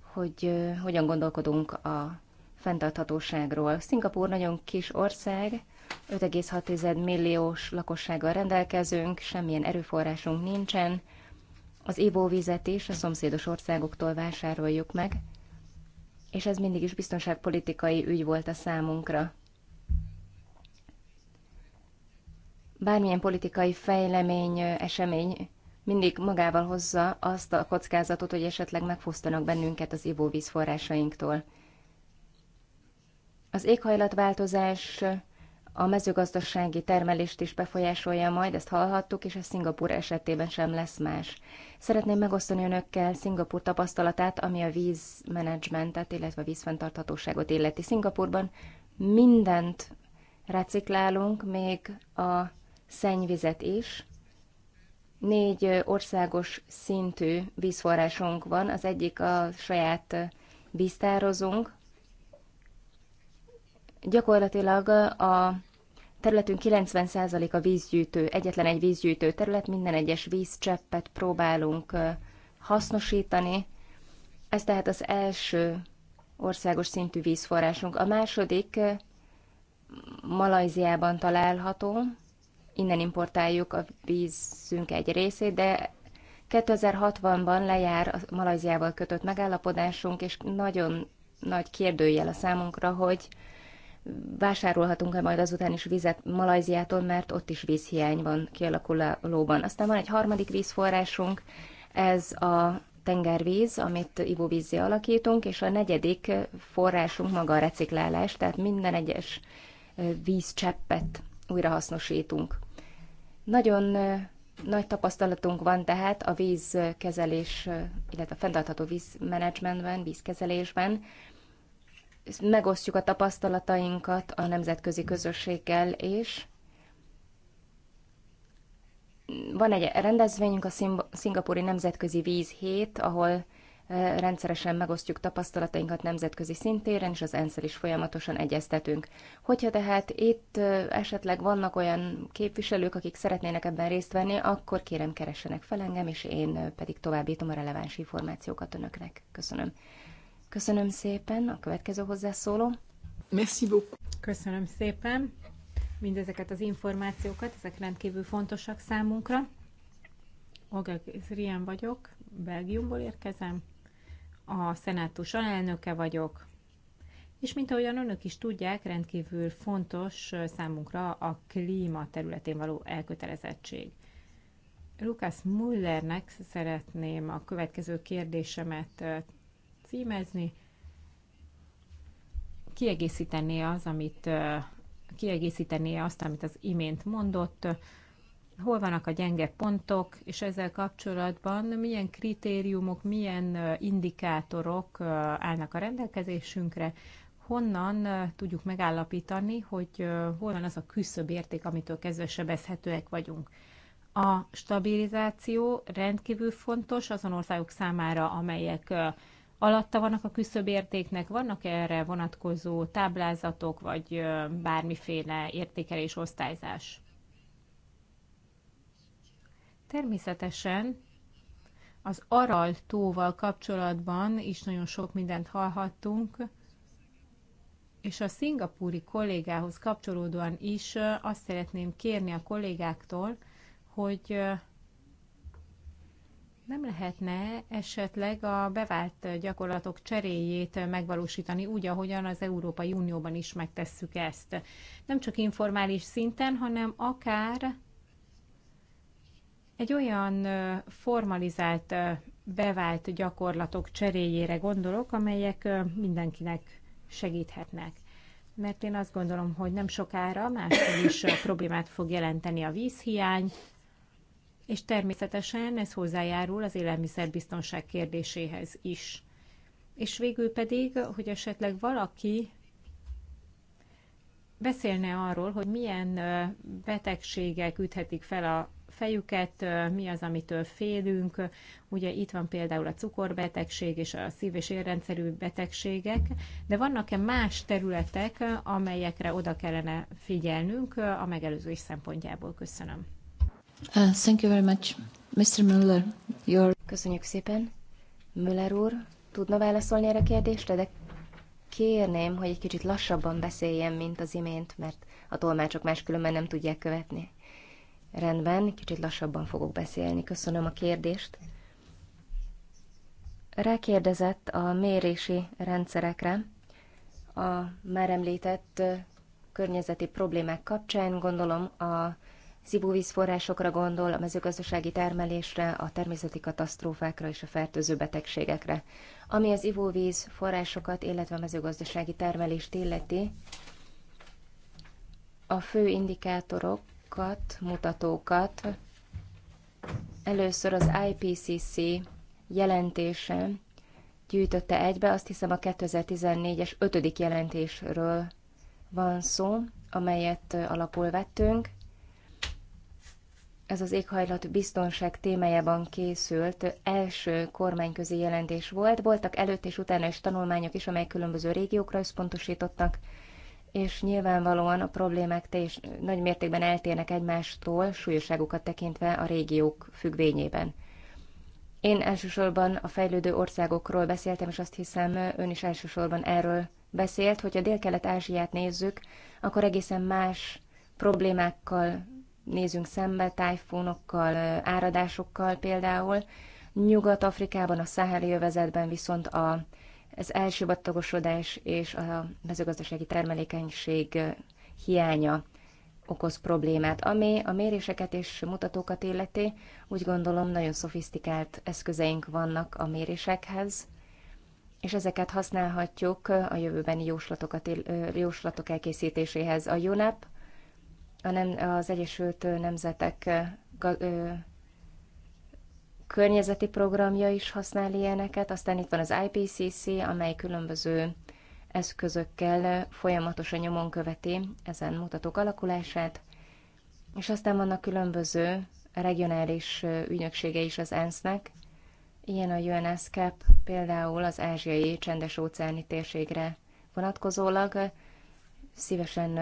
hogy hogyan gondolkodunk a fenntarthatóságról. Szingapúr nagyon kis ország, 5,6 milliós lakossággal rendelkezünk, semmilyen erőforrásunk nincsen. Az ivóvizet is a szomszédos országoktól vásároljuk meg, és ez mindig is biztonságpolitikai ügy volt a számunkra. bármilyen politikai fejlemény, esemény mindig magával hozza azt a kockázatot, hogy esetleg megfosztanak bennünket az ivóvíz forrásainktól. Az éghajlatváltozás a mezőgazdasági termelést is befolyásolja majd, ezt hallhattuk, és ez Szingapur esetében sem lesz más. Szeretném megosztani önökkel Szingapur tapasztalatát, ami a vízmenedzsmentet, illetve a vízfenntarthatóságot illeti. Szingapurban mindent reciklálunk, még a szennyvizet is. Négy országos szintű vízforrásunk van, az egyik a saját víztározónk. Gyakorlatilag a területünk 90% a vízgyűjtő, egyetlen egy vízgyűjtő terület, minden egyes vízcseppet próbálunk hasznosítani. Ez tehát az első országos szintű vízforrásunk. A második Malajziában található, innen importáljuk a vízünk egy részét, de 2060-ban lejár a Malajziával kötött megállapodásunk, és nagyon nagy kérdőjel a számunkra, hogy vásárolhatunk-e majd azután is vizet Malajziától, mert ott is vízhiány van kialakulóban. Aztán van egy harmadik vízforrásunk, ez a tengervíz, amit ivóvízzé alakítunk, és a negyedik forrásunk maga a reciklálás, tehát minden egyes vízcseppet újrahasznosítunk. Nagyon nagy tapasztalatunk van tehát a vízkezelés, illetve a fenntartható vízmenedzsmentben, vízkezelésben. Megosztjuk a tapasztalatainkat a nemzetközi közösséggel, és van egy rendezvényünk, a Szingapúri Nemzetközi Víz Hét, ahol rendszeresen megosztjuk tapasztalatainkat nemzetközi szintéren, és az ensz is folyamatosan egyeztetünk. Hogyha tehát itt esetleg vannak olyan képviselők, akik szeretnének ebben részt venni, akkor kérem keressenek fel engem, és én pedig továbbítom a releváns információkat önöknek. Köszönöm. Köszönöm szépen a következő hozzászóló. Merci beaucoup. Köszönöm szépen mindezeket az információkat, ezek rendkívül fontosak számunkra. Olga Zrien vagyok, Belgiumból érkezem a szenátus alelnöke vagyok, és mint ahogyan önök is tudják, rendkívül fontos számunkra a klíma területén való elkötelezettség. Lukas Müllernek szeretném a következő kérdésemet címezni. Kiegészítené az, amit kiegészítené azt, amit az imént mondott, hol vannak a gyenge pontok, és ezzel kapcsolatban milyen kritériumok, milyen indikátorok állnak a rendelkezésünkre, honnan tudjuk megállapítani, hogy hol van az a küszöbb érték, amitől kezdve sebezhetőek vagyunk. A stabilizáció rendkívül fontos azon országok számára, amelyek alatta vannak a küszöbértéknek, vannak erre vonatkozó táblázatok, vagy bármiféle értékelés, osztályzás? Természetesen az Aral tóval kapcsolatban is nagyon sok mindent hallhattunk, és a szingapúri kollégához kapcsolódóan is azt szeretném kérni a kollégáktól, hogy nem lehetne esetleg a bevált gyakorlatok cseréjét megvalósítani úgy, ahogyan az Európai Unióban is megtesszük ezt. Nem csak informális szinten, hanem akár egy olyan formalizált, bevált gyakorlatok cseréjére gondolok, amelyek mindenkinek segíthetnek. Mert én azt gondolom, hogy nem sokára máshol is problémát fog jelenteni a vízhiány, és természetesen ez hozzájárul az élelmiszerbiztonság kérdéséhez is. És végül pedig, hogy esetleg valaki beszélne arról, hogy milyen betegségek üthetik fel a fejüket, mi az, amitől félünk. Ugye itt van például a cukorbetegség és a szív- és érrendszerű betegségek, de vannak-e más területek, amelyekre oda kellene figyelnünk a megelőzés szempontjából? Köszönöm. Uh, thank you very much. Mr. Müller, your... Köszönjük szépen. Müller úr, tudna válaszolni erre a kérdésre, de kérném, hogy egy kicsit lassabban beszéljen, mint az imént, mert a tolmácsok máskülönben nem tudják követni. Rendben, kicsit lassabban fogok beszélni. Köszönöm a kérdést. Rákérdezett a mérési rendszerekre a már említett környezeti problémák kapcsán, gondolom a szivóvízforrásokra gondol, a mezőgazdasági termelésre, a természeti katasztrófákra és a fertőző betegségekre. Ami az ivóvíz forrásokat, illetve a mezőgazdasági termelést illeti, a fő indikátorok adatokat, mutatókat. Először az IPCC jelentése gyűjtötte egybe, azt hiszem a 2014-es ötödik jelentésről van szó, amelyet alapul vettünk. Ez az éghajlat biztonság témájában készült első kormányközi jelentés volt. Voltak előtt és utána is tanulmányok is, amelyek különböző régiókra összpontosítottak, és nyilvánvalóan a problémák is nagy mértékben eltérnek egymástól, súlyoságukat tekintve a régiók függvényében. Én elsősorban a fejlődő országokról beszéltem, és azt hiszem ön is elsősorban erről beszélt, a Dél-Kelet-Ázsiát nézzük, akkor egészen más problémákkal nézünk szembe, tájfónokkal, áradásokkal például. Nyugat-Afrikában, a száheli övezetben viszont a ez első és a mezőgazdasági termelékenység hiánya okoz problémát, ami a méréseket és mutatókat illeti. Úgy gondolom, nagyon szofisztikált eszközeink vannak a mérésekhez, és ezeket használhatjuk a jövőbeni jóslatokat, jóslatok elkészítéséhez. A UNEP, a nem, az Egyesült Nemzetek környezeti programja is használ ilyeneket, aztán itt van az IPCC, amely különböző eszközökkel folyamatosan nyomon követi ezen mutatók alakulását, és aztán vannak különböző regionális ügynöksége is az ENSZ-nek, ilyen a UNSCAP például az ázsiai csendes óceáni térségre vonatkozólag. Szívesen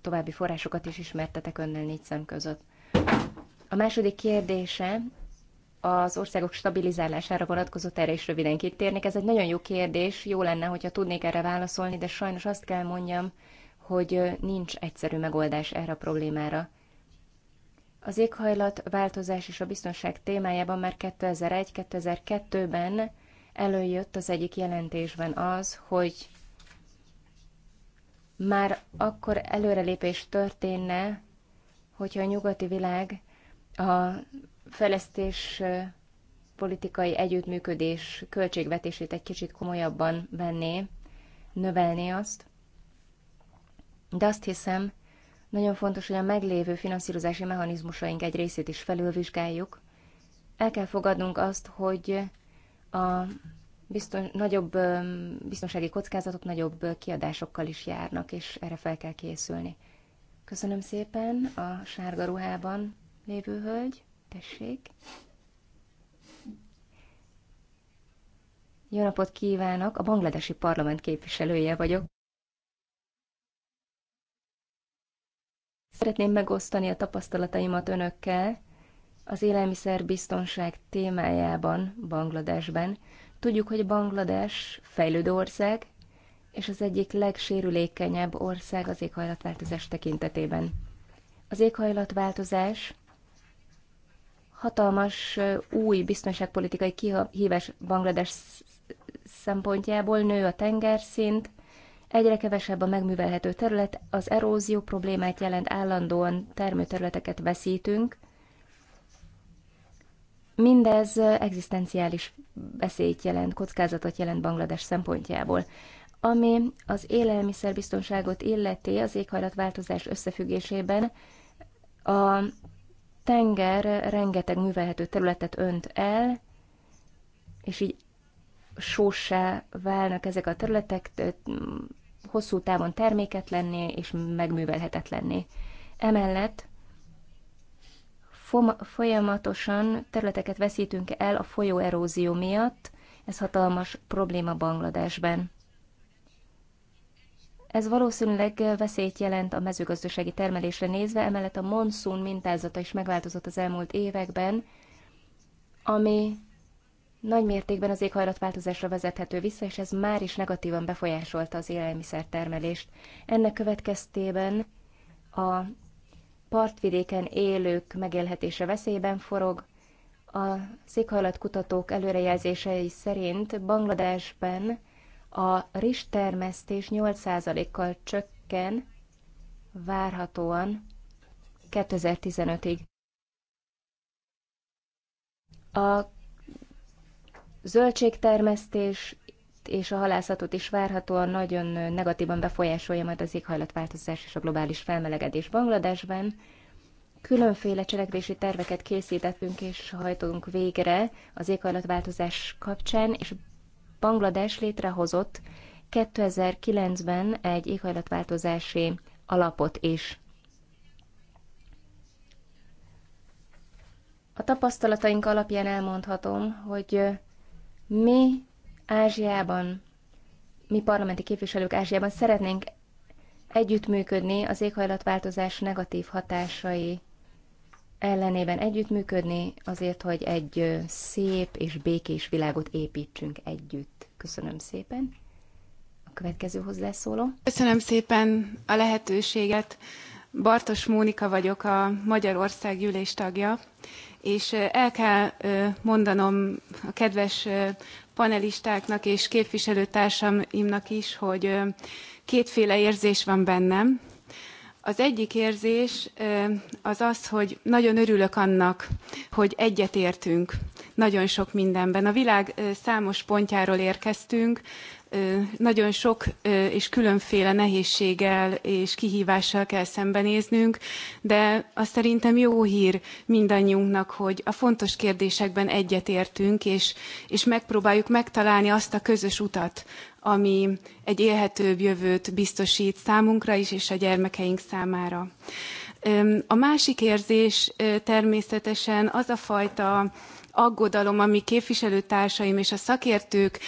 további forrásokat is ismertetek önnel négy szem között. A második kérdése az országok stabilizálására vonatkozott, erre is röviden kitérnék. Ez egy nagyon jó kérdés, jó lenne, hogyha tudnék erre válaszolni, de sajnos azt kell mondjam, hogy nincs egyszerű megoldás erre a problémára. Az éghajlat, változás és a biztonság témájában már 2001-2002-ben előjött az egyik jelentésben az, hogy már akkor előrelépés történne, hogyha a nyugati világ a fejlesztés politikai együttműködés költségvetését egy kicsit komolyabban venné, növelné azt. De azt hiszem, nagyon fontos, hogy a meglévő finanszírozási mechanizmusaink egy részét is felülvizsgáljuk. El kell fogadnunk azt, hogy a bizton, nagyobb biztonsági kockázatok nagyobb kiadásokkal is járnak, és erre fel kell készülni. Köszönöm szépen a sárga ruhában lévő hölgy, tessék. Jó napot kívánok, a bangladesi parlament képviselője vagyok. Szeretném megosztani a tapasztalataimat önökkel az élelmiszerbiztonság témájában Bangladesben. Tudjuk, hogy Banglades fejlődő ország, és az egyik legsérülékenyebb ország az éghajlatváltozás tekintetében. Az éghajlatváltozás hatalmas új biztonságpolitikai kihívás Banglades szempontjából nő a tengerszint, egyre kevesebb a megművelhető terület, az erózió problémát jelent állandóan termőterületeket veszítünk. Mindez egzisztenciális veszélyt jelent, kockázatot jelent Banglades szempontjából. Ami az élelmiszerbiztonságot illeti az éghajlatváltozás összefüggésében, a tenger rengeteg művelhető területet önt el, és így sósá válnak ezek a területek hosszú távon terméketlenné és megművelhetetlenné. Emellett folyamatosan területeket veszítünk el a folyóerózió miatt, ez hatalmas probléma Bangladesben. Ez valószínűleg veszélyt jelent a mezőgazdasági termelésre nézve, emellett a monszun mintázata is megváltozott az elmúlt években, ami nagy mértékben az éghajlatváltozásra vezethető vissza, és ez már is negatívan befolyásolta az élelmiszertermelést. Ennek következtében a partvidéken élők megélhetése veszélyben forog. A széghajlatkutatók előrejelzései szerint Bangladesben a rizstermesztés 8%-kal csökken várhatóan 2015-ig. A zöldségtermesztés és a halászatot is várhatóan nagyon negatívan befolyásolja majd az éghajlatváltozás és a globális felmelegedés Bangladesben. Különféle cselekvési terveket készítettünk és hajtunk végre az éghajlatváltozás kapcsán, és Banglades létrehozott 2009-ben egy éghajlatváltozási alapot is. A tapasztalataink alapján elmondhatom, hogy mi Ázsiában, mi parlamenti képviselők Ázsiában szeretnénk együttműködni az éghajlatváltozás negatív hatásai ellenében együttműködni, azért, hogy egy szép és békés világot építsünk együtt. Köszönöm szépen. A következő hozzászóló. Köszönöm szépen a lehetőséget. Bartos Mónika vagyok, a Magyarország gyűlés tagja, és el kell mondanom a kedves panelistáknak és képviselőtársamnak is, hogy kétféle érzés van bennem az egyik érzés az az, hogy nagyon örülök annak, hogy egyetértünk nagyon sok mindenben. A világ számos pontjáról érkeztünk, nagyon sok és különféle nehézséggel és kihívással kell szembenéznünk, de azt szerintem jó hír mindannyiunknak, hogy a fontos kérdésekben egyetértünk, és, és megpróbáljuk megtalálni azt a közös utat, ami egy élhetőbb jövőt biztosít számunkra is, és a gyermekeink számára. A másik érzés természetesen az a fajta aggodalom, ami képviselőtársaim és a szakértők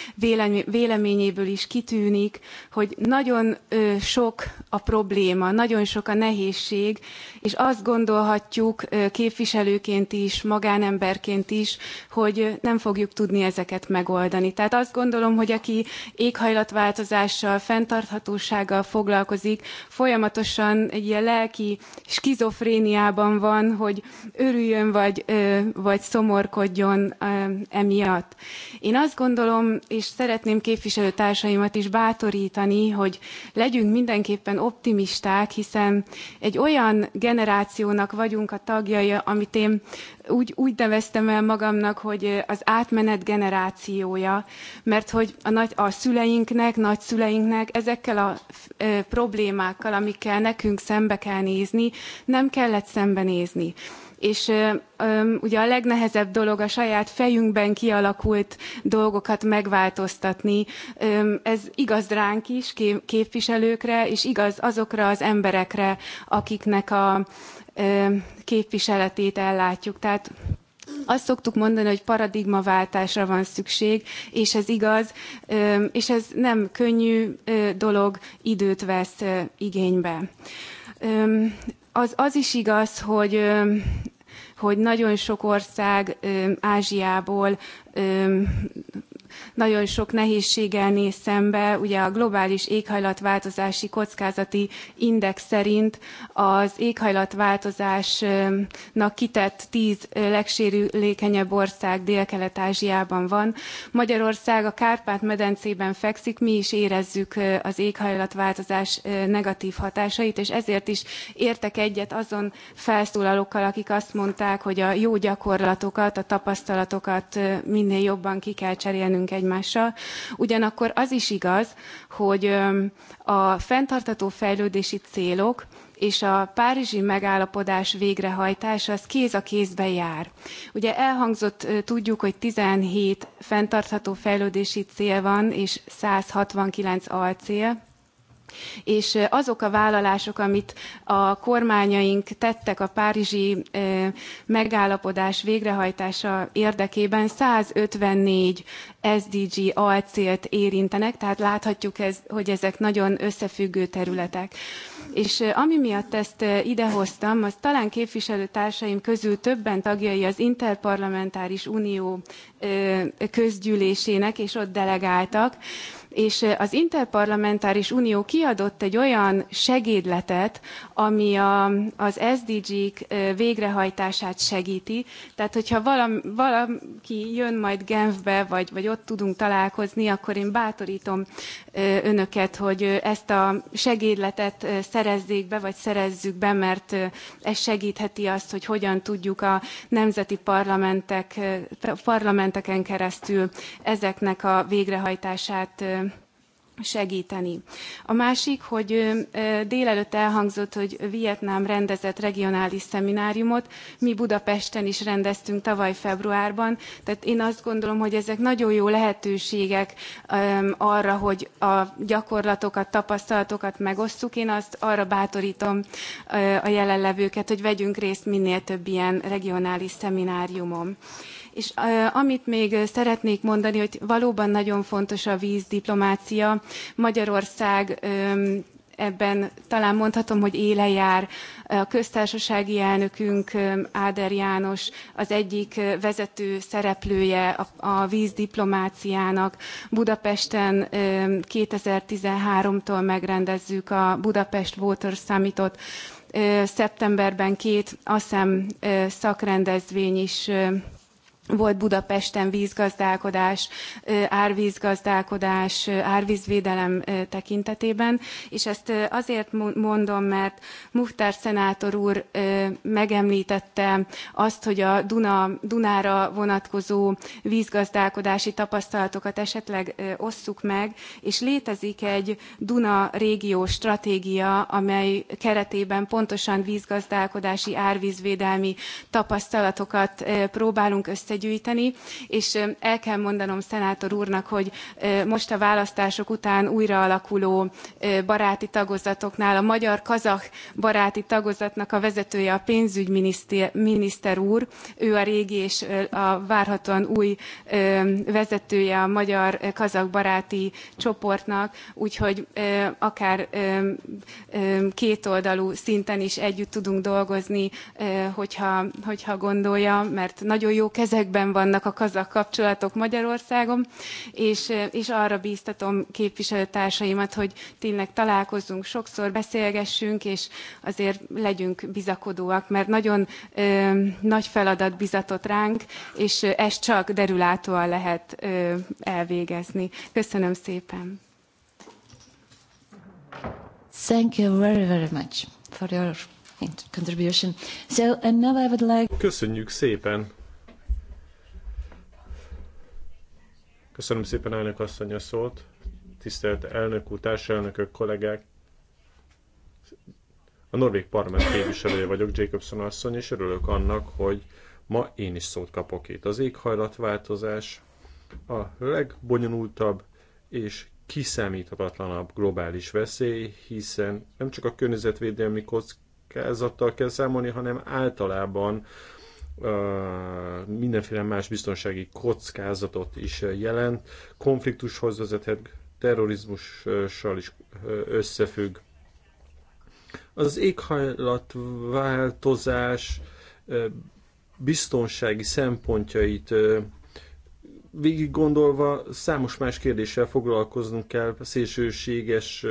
véleményéből is kitűnik, hogy nagyon sok a probléma, nagyon sok a nehézség, és azt gondolhatjuk képviselőként is, magánemberként is, hogy nem fogjuk tudni ezeket megoldani. Tehát azt gondolom, hogy aki éghajlatváltozással, fenntarthatósággal foglalkozik, folyamatosan egy ilyen lelki skizofréniában van, hogy örüljön vagy, vagy szomorkodjon, maradjon um, emiatt. Én azt gondolom, és szeretném képviselőtársaimat is bátorítani, hogy legyünk mindenképpen optimisták, hiszen egy olyan generációnak vagyunk a tagjai, amit én úgy, úgy neveztem el magamnak, hogy az átmenet generációja, mert hogy a, nagy, a szüleinknek, nagyszüleinknek ezekkel a e, problémákkal, amikkel nekünk szembe kell nézni, nem kellett szembenézni és ö, ö, ugye a legnehezebb dolog a saját fejünkben kialakult dolgokat megváltoztatni. Ö, ez igaz ránk is, kép, képviselőkre, és igaz azokra az emberekre, akiknek a képviseletét ellátjuk. Tehát azt szoktuk mondani, hogy paradigmaváltásra van szükség, és ez igaz, és ez nem könnyű dolog, időt vesz igénybe az, az is igaz, hogy hogy nagyon sok ország Ázsiából nagyon sok nehézséggel néz szembe. Ugye a globális éghajlatváltozási kockázati index szerint az éghajlatváltozásnak kitett tíz legsérülékenyebb ország Dél-Kelet-Ázsiában van. Magyarország a Kárpát-medencében fekszik, mi is érezzük az éghajlatváltozás negatív hatásait, és ezért is értek egyet azon felszólalókkal, akik azt mondták, hogy a jó gyakorlatokat, a tapasztalatokat minél jobban ki kell cserélnünk beszélünk egymással. Ugyanakkor az is igaz, hogy a fenntartató fejlődési célok és a párizsi megállapodás végrehajtása az kéz a kézben jár. Ugye elhangzott, tudjuk, hogy 17 fenntartható fejlődési cél van, és 169 alcél, és azok a vállalások, amit a kormányaink tettek a párizsi megállapodás végrehajtása érdekében, 154 SDG alcélt érintenek, tehát láthatjuk, ez, hogy ezek nagyon összefüggő területek. És ami miatt ezt idehoztam, az talán képviselőtársaim közül többen tagjai az Interparlamentáris Unió közgyűlésének, és ott delegáltak, és az Interparlamentáris Unió kiadott egy olyan segédletet, ami a, az SDG-k végrehajtását segíti. Tehát, hogyha valam, valaki jön majd Genfbe, vagy, vagy ott tudunk találkozni, akkor én bátorítom önöket, hogy ezt a segédletet szerezzék be, vagy szerezzük be, mert ez segítheti azt, hogy hogyan tudjuk a nemzeti parlamentek, parlamenteken keresztül ezeknek a végrehajtását segíteni. A másik, hogy délelőtt elhangzott, hogy Vietnám rendezett regionális szemináriumot, mi Budapesten is rendeztünk tavaly februárban, tehát én azt gondolom, hogy ezek nagyon jó lehetőségek arra, hogy a gyakorlatokat, tapasztalatokat megosszuk. Én azt arra bátorítom a jelenlevőket, hogy vegyünk részt minél több ilyen regionális szemináriumon. És amit még szeretnék mondani, hogy valóban nagyon fontos a vízdiplomácia. Magyarország ebben talán mondhatom, hogy éle jár. A köztársasági elnökünk Áder János az egyik vezető szereplője a vízdiplomáciának. Budapesten 2013-tól megrendezzük a Budapest Water Summitot. Szeptemberben két ASZEM szakrendezvény is volt Budapesten vízgazdálkodás, árvízgazdálkodás, árvízvédelem tekintetében, és ezt azért mondom, mert Muhtár szenátor úr megemlítette azt, hogy a Duna, Dunára vonatkozó vízgazdálkodási tapasztalatokat esetleg osszuk meg, és létezik egy Duna régió stratégia, amely keretében pontosan vízgazdálkodási, árvízvédelmi tapasztalatokat próbálunk össze összegyűjteni, és el kell mondanom szenátor úrnak, hogy most a választások után újra alakuló baráti tagozatoknál a magyar-kazah baráti tagozatnak a vezetője a pénzügyminiszter úr, ő a régi és a várhatóan új vezetője a magyar-kazak baráti csoportnak, úgyhogy akár kétoldalú szinten is együtt tudunk dolgozni, hogyha, hogyha gondolja, mert nagyon jó kezekben években vannak a kazak kapcsolatok Magyarországon, és, és arra bíztatom képviselőtársaimat, hogy tényleg találkozzunk, sokszor beszélgessünk, és azért legyünk bizakodóak, mert nagyon ö, nagy feladat bizatott ránk, és ezt csak derülátóan lehet ö, elvégezni. Köszönöm szépen! Thank you very, very much for your contribution. So, and now I would like... Köszönjük szépen! Köszönöm szépen elnök asszony a szót. Tisztelt elnök úr, társelnökök, kollégák. A Norvég Parlament képviselője vagyok, Jacobson asszony, és örülök annak, hogy ma én is szót kapok itt. Az éghajlatváltozás a legbonyolultabb és kiszámíthatatlanabb globális veszély, hiszen nem csak a környezetvédelmi kockázattal kell számolni, hanem általában mindenféle más biztonsági kockázatot is jelent. Konfliktushoz vezethet, terrorizmussal is összefügg. Az éghajlatváltozás biztonsági szempontjait végig gondolva számos más kérdéssel foglalkoznunk kell, szélsőséges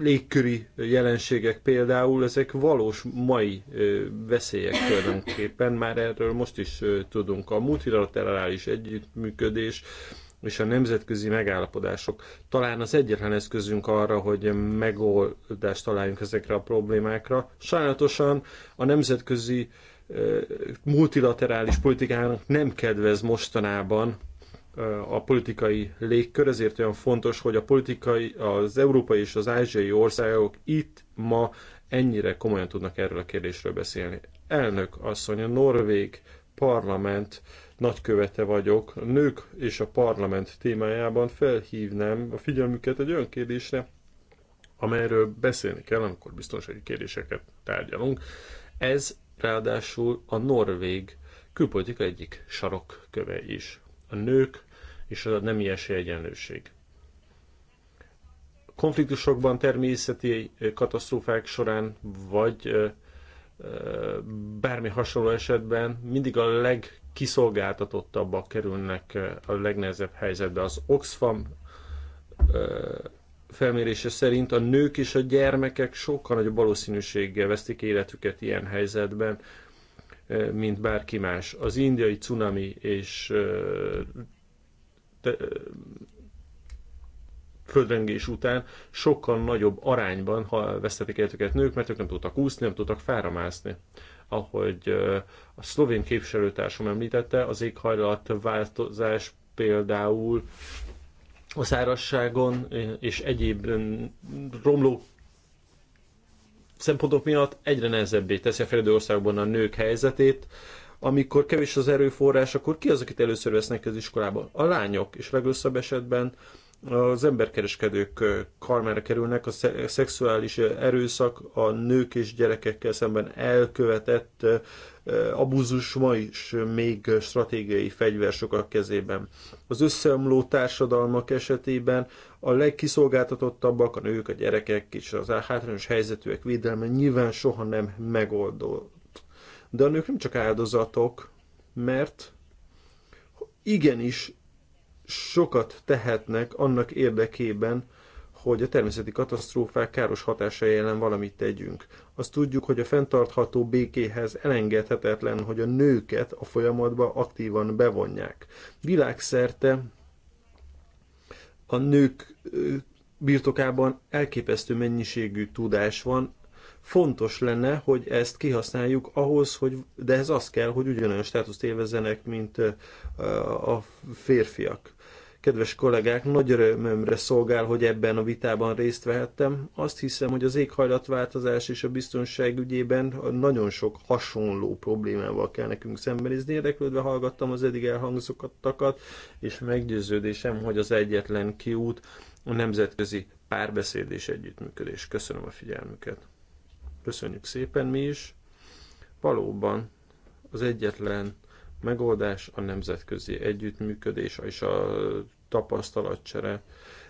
légköri jelenségek például, ezek valós mai veszélyek tulajdonképpen, már erről most is tudunk. A multilaterális együttműködés és a nemzetközi megállapodások talán az egyetlen eszközünk arra, hogy megoldást találjunk ezekre a problémákra. Sajnálatosan a nemzetközi multilaterális politikának nem kedvez mostanában a politikai légkör, ezért olyan fontos, hogy a politikai, az európai és az ázsiai országok itt ma ennyire komolyan tudnak erről a kérdésről beszélni. Elnök asszony, a norvég parlament nagykövete vagyok, a nők és a parlament témájában felhívnám a figyelmüket egy olyan kérdésre, amelyről beszélni kell, amikor biztonsági kérdéseket tárgyalunk. Ez ráadásul a norvég külpolitika egyik sarokköve is a nők és a nemi egyenlőség. Konfliktusokban, természeti katasztrófák során, vagy bármi hasonló esetben mindig a legkiszolgáltatottabbak kerülnek a legnehezebb helyzetbe. Az Oxfam felmérése szerint a nők és a gyermekek sokkal nagyobb valószínűséggel vesztik életüket ilyen helyzetben, mint bárki más. Az indiai cunami és földrengés után sokkal nagyobb arányban ha vesztették életüket nők, mert ők nem tudtak úszni, nem tudtak fáramászni. Ahogy a szlovén képviselőtársam említette, az éghajlatváltozás például a szárazságon és egyéb romló szempontok miatt egyre nehezebbé teszi a fejlődő országban a nők helyzetét, amikor kevés az erőforrás, akkor ki az, akit először vesznek az iskolában, A lányok, és legrosszabb esetben az emberkereskedők karmára kerülnek, a szexuális erőszak a nők és gyerekekkel szemben elkövetett abúzus ma is még stratégiai fegyver sokak kezében. Az összeomló társadalmak esetében a legkiszolgáltatottabbak, a nők, a gyerekek és az hátrányos helyzetűek védelme nyilván soha nem megoldott. De a nők nem csak áldozatok, mert igenis sokat tehetnek annak érdekében, hogy a természeti katasztrófák káros hatásai ellen valamit tegyünk. Azt tudjuk, hogy a fenntartható békéhez elengedhetetlen, hogy a nőket a folyamatba aktívan bevonják. Világszerte a nők birtokában elképesztő mennyiségű tudás van, fontos lenne, hogy ezt kihasználjuk ahhoz, hogy, de ez az kell, hogy ugyanolyan státuszt élvezzenek, mint a férfiak. Kedves kollégák, nagy örömömre szolgál, hogy ebben a vitában részt vehettem. Azt hiszem, hogy az éghajlatváltozás és a biztonság ügyében nagyon sok hasonló problémával kell nekünk szembenézni. Érdeklődve hallgattam az eddig elhangzottakat, és meggyőződésem, hogy az egyetlen kiút a nemzetközi párbeszéd és együttműködés. Köszönöm a figyelmüket. Köszönjük szépen mi is. Valóban az egyetlen megoldás a nemzetközi együttműködés és a tapasztalatcsere.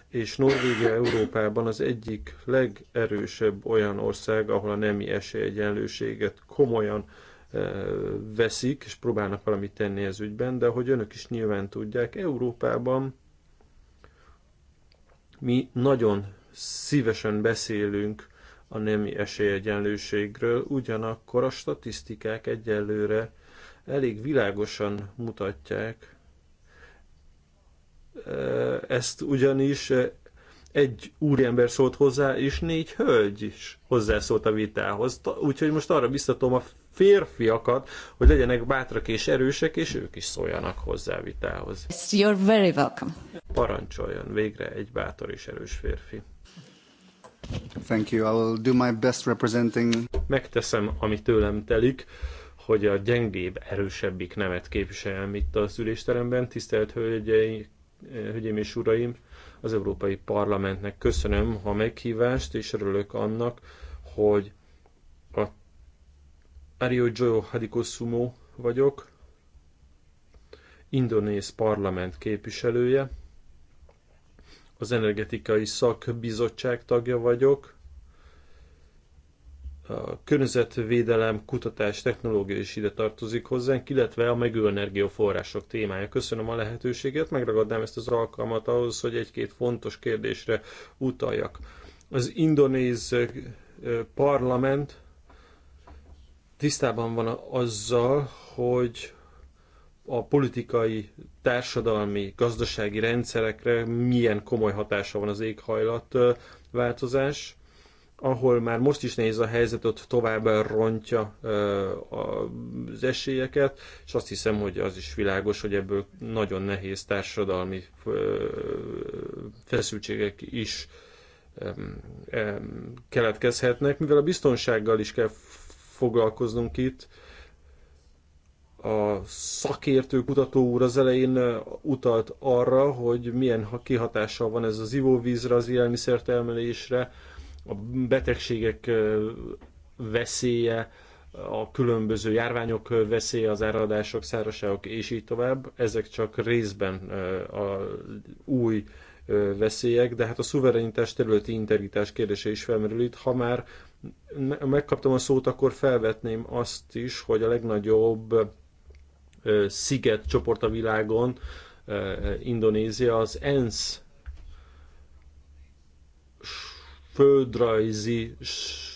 És Norvégia Európában az egyik legerősebb olyan ország, ahol a nemi esélyegyenlőséget komolyan eh, veszik, és próbálnak valamit tenni ez ügyben, de ahogy önök is nyilván tudják, Európában mi nagyon szívesen beszélünk a nemi esélyegyenlőségről, ugyanakkor a statisztikák egyelőre elég világosan mutatják. E, ezt ugyanis e, egy úriember szólt hozzá, és négy hölgy is hozzászólt a vitához. Úgyhogy most arra biztatom a férfiakat, hogy legyenek bátrak és erősek, és ők is szóljanak hozzá a vitához. You're very welcome. Parancsoljon végre egy bátor és erős férfi. Thank you. I will do my best representing. Megteszem, ami tőlem telik hogy a gyengébb, erősebbik nemet képviseljem itt a szülésteremben. Tisztelt hölgyei, hölgyeim és uraim, az Európai Parlamentnek köszönöm a meghívást, és örülök annak, hogy a Ario Joe Hadikosumo vagyok, indonéz parlament képviselője, az energetikai szakbizottság tagja vagyok, a környezetvédelem, kutatás, technológia is ide tartozik hozzánk, illetve a megő energiaforrások témája. Köszönöm a lehetőséget, megragadnám ezt az alkalmat ahhoz, hogy egy-két fontos kérdésre utaljak. Az indonéz parlament tisztában van azzal, hogy a politikai, társadalmi, gazdasági rendszerekre milyen komoly hatása van az éghajlat változás ahol már most is nehéz a helyzet, ott tovább rontja az esélyeket, és azt hiszem, hogy az is világos, hogy ebből nagyon nehéz társadalmi feszültségek is keletkezhetnek, mivel a biztonsággal is kell foglalkoznunk itt, a szakértő kutató úr az elején utalt arra, hogy milyen kihatással van ez az ivóvízre, az élelmiszertermelésre, a betegségek veszélye, a különböző járványok veszélye, az áradások, szárazságok és így tovább. Ezek csak részben a új veszélyek, de hát a szuverenitás területi integritás kérdése is felmerül itt. Ha már megkaptam a szót, akkor felvetném azt is, hogy a legnagyobb sziget csoport a világon, Indonézia, az ENSZ földrajzi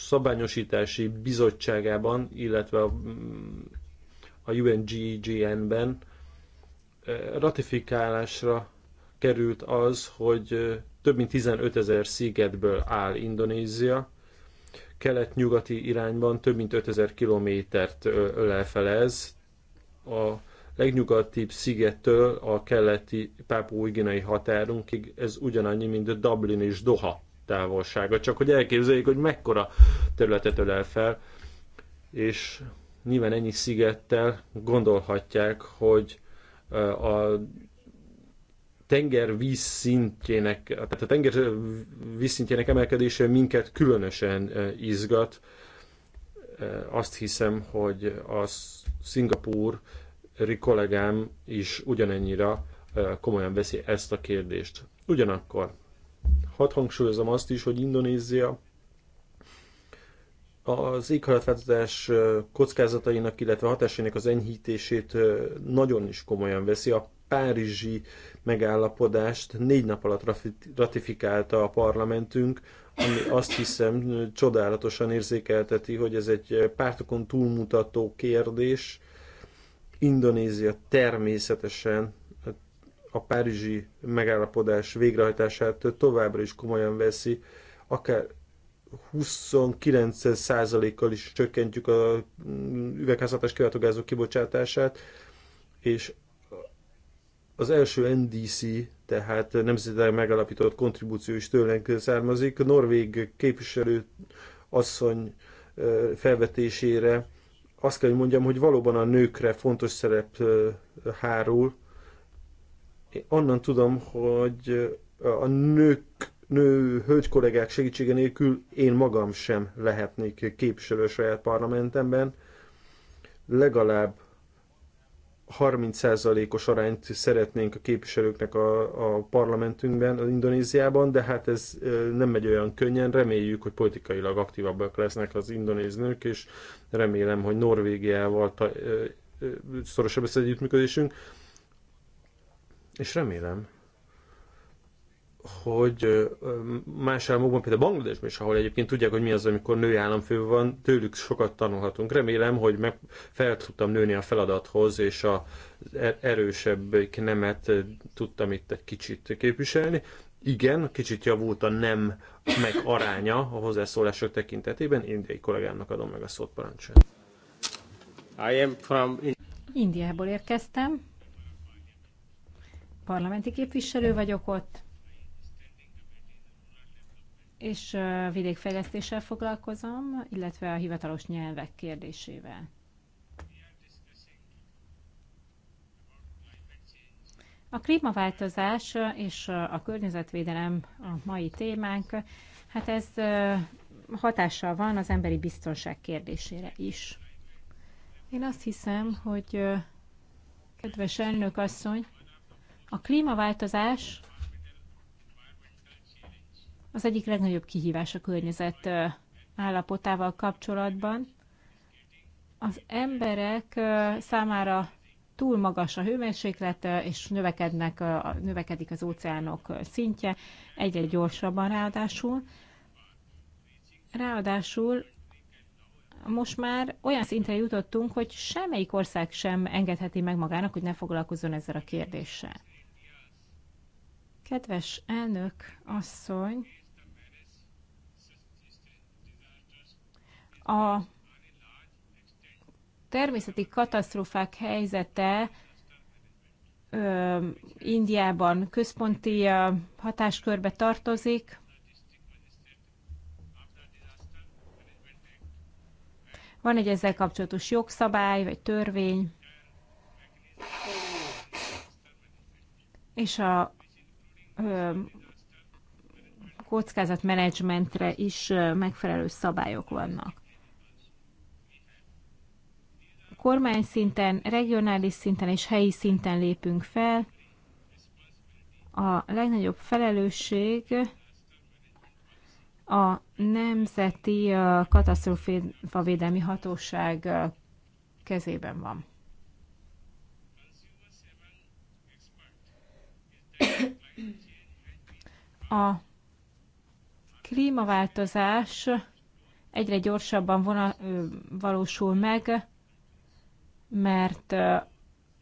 szabályosítási bizottságában, illetve a, a UNGGN-ben eh, ratifikálásra került az, hogy eh, több mint 15 ezer szigetből áll Indonézia, kelet-nyugati irányban több mint 5000 kilométert ölel fel ez. A legnyugatibb szigettől a keleti pápuiginai határunkig ez ugyanannyi, mint Dublin és Doha távolsága, csak hogy elképzeljük, hogy mekkora területet ölel fel, és nyilván ennyi szigettel gondolhatják, hogy a tenger vízszintjének, tehát a tenger vízszintjének emelkedése minket különösen izgat. Azt hiszem, hogy a szingapúri kollégám is ugyanennyira komolyan veszi ezt a kérdést. Ugyanakkor Hadd hangsúlyozom azt is, hogy Indonézia az éghajlatváltozás kockázatainak, illetve hatásainak az enyhítését nagyon is komolyan veszi. A párizsi megállapodást négy nap alatt ratifikálta a parlamentünk, ami azt hiszem csodálatosan érzékelteti, hogy ez egy pártokon túlmutató kérdés. Indonézia természetesen a párizsi megállapodás végrehajtását továbbra is komolyan veszi, akár 29%-kal is csökkentjük a üvegházhatás kiváltó kibocsátását, és az első NDC, tehát nemzetileg megalapított kontribúció is tőlenk származik. A norvég képviselő asszony felvetésére azt kell, hogy mondjam, hogy valóban a nőkre fontos szerep hárul, Onnan tudom, hogy a nők, nő, hölgy kollégák segítsége nélkül én magam sem lehetnék képviselő saját parlamentemben. Legalább 30%-os arányt szeretnénk a képviselőknek a, a parlamentünkben, az Indonéziában, de hát ez nem megy olyan könnyen. Reméljük, hogy politikailag aktívabbak lesznek az indonéz nők, és remélem, hogy Norvégiával ta, szorosabb lesz az együttműködésünk és remélem, hogy más államokban, például Bangladesben is, ahol egyébként tudják, hogy mi az, amikor női államfő van, tőlük sokat tanulhatunk. Remélem, hogy meg fel tudtam nőni a feladathoz, és a er-, erősebb nemet tudtam itt egy kicsit képviselni. Igen, kicsit javult a nem meg aránya a hozzászólások tekintetében. Indiai kollégámnak adom meg a szót parancsát. I am from... Indiából érkeztem parlamenti képviselő vagyok ott, és vidékfejlesztéssel foglalkozom, illetve a hivatalos nyelvek kérdésével. A klímaváltozás és a környezetvédelem a mai témánk, hát ez hatással van az emberi biztonság kérdésére is. Én azt hiszem, hogy kedves elnök asszony, a klímaváltozás az egyik legnagyobb kihívás a környezet állapotával kapcsolatban. Az emberek számára túl magas a hőmérséklet, és növekednek, növekedik az óceánok szintje, egyre gyorsabban ráadásul. Ráadásul most már olyan szintre jutottunk, hogy semmelyik ország sem engedheti meg magának, hogy ne foglalkozzon ezzel a kérdéssel. Kedves elnök asszony, a természeti katasztrófák helyzete ö, Indiában központi ö, hatáskörbe tartozik. Van egy ezzel kapcsolatos jogszabály vagy törvény, és a kockázatmenedzsmentre is megfelelő szabályok vannak. Kormány szinten, regionális szinten és helyi szinten lépünk fel. A legnagyobb felelősség a Nemzeti Katasztrófavédelmi Hatóság kezében van. A klímaváltozás egyre gyorsabban vonal, valósul meg, mert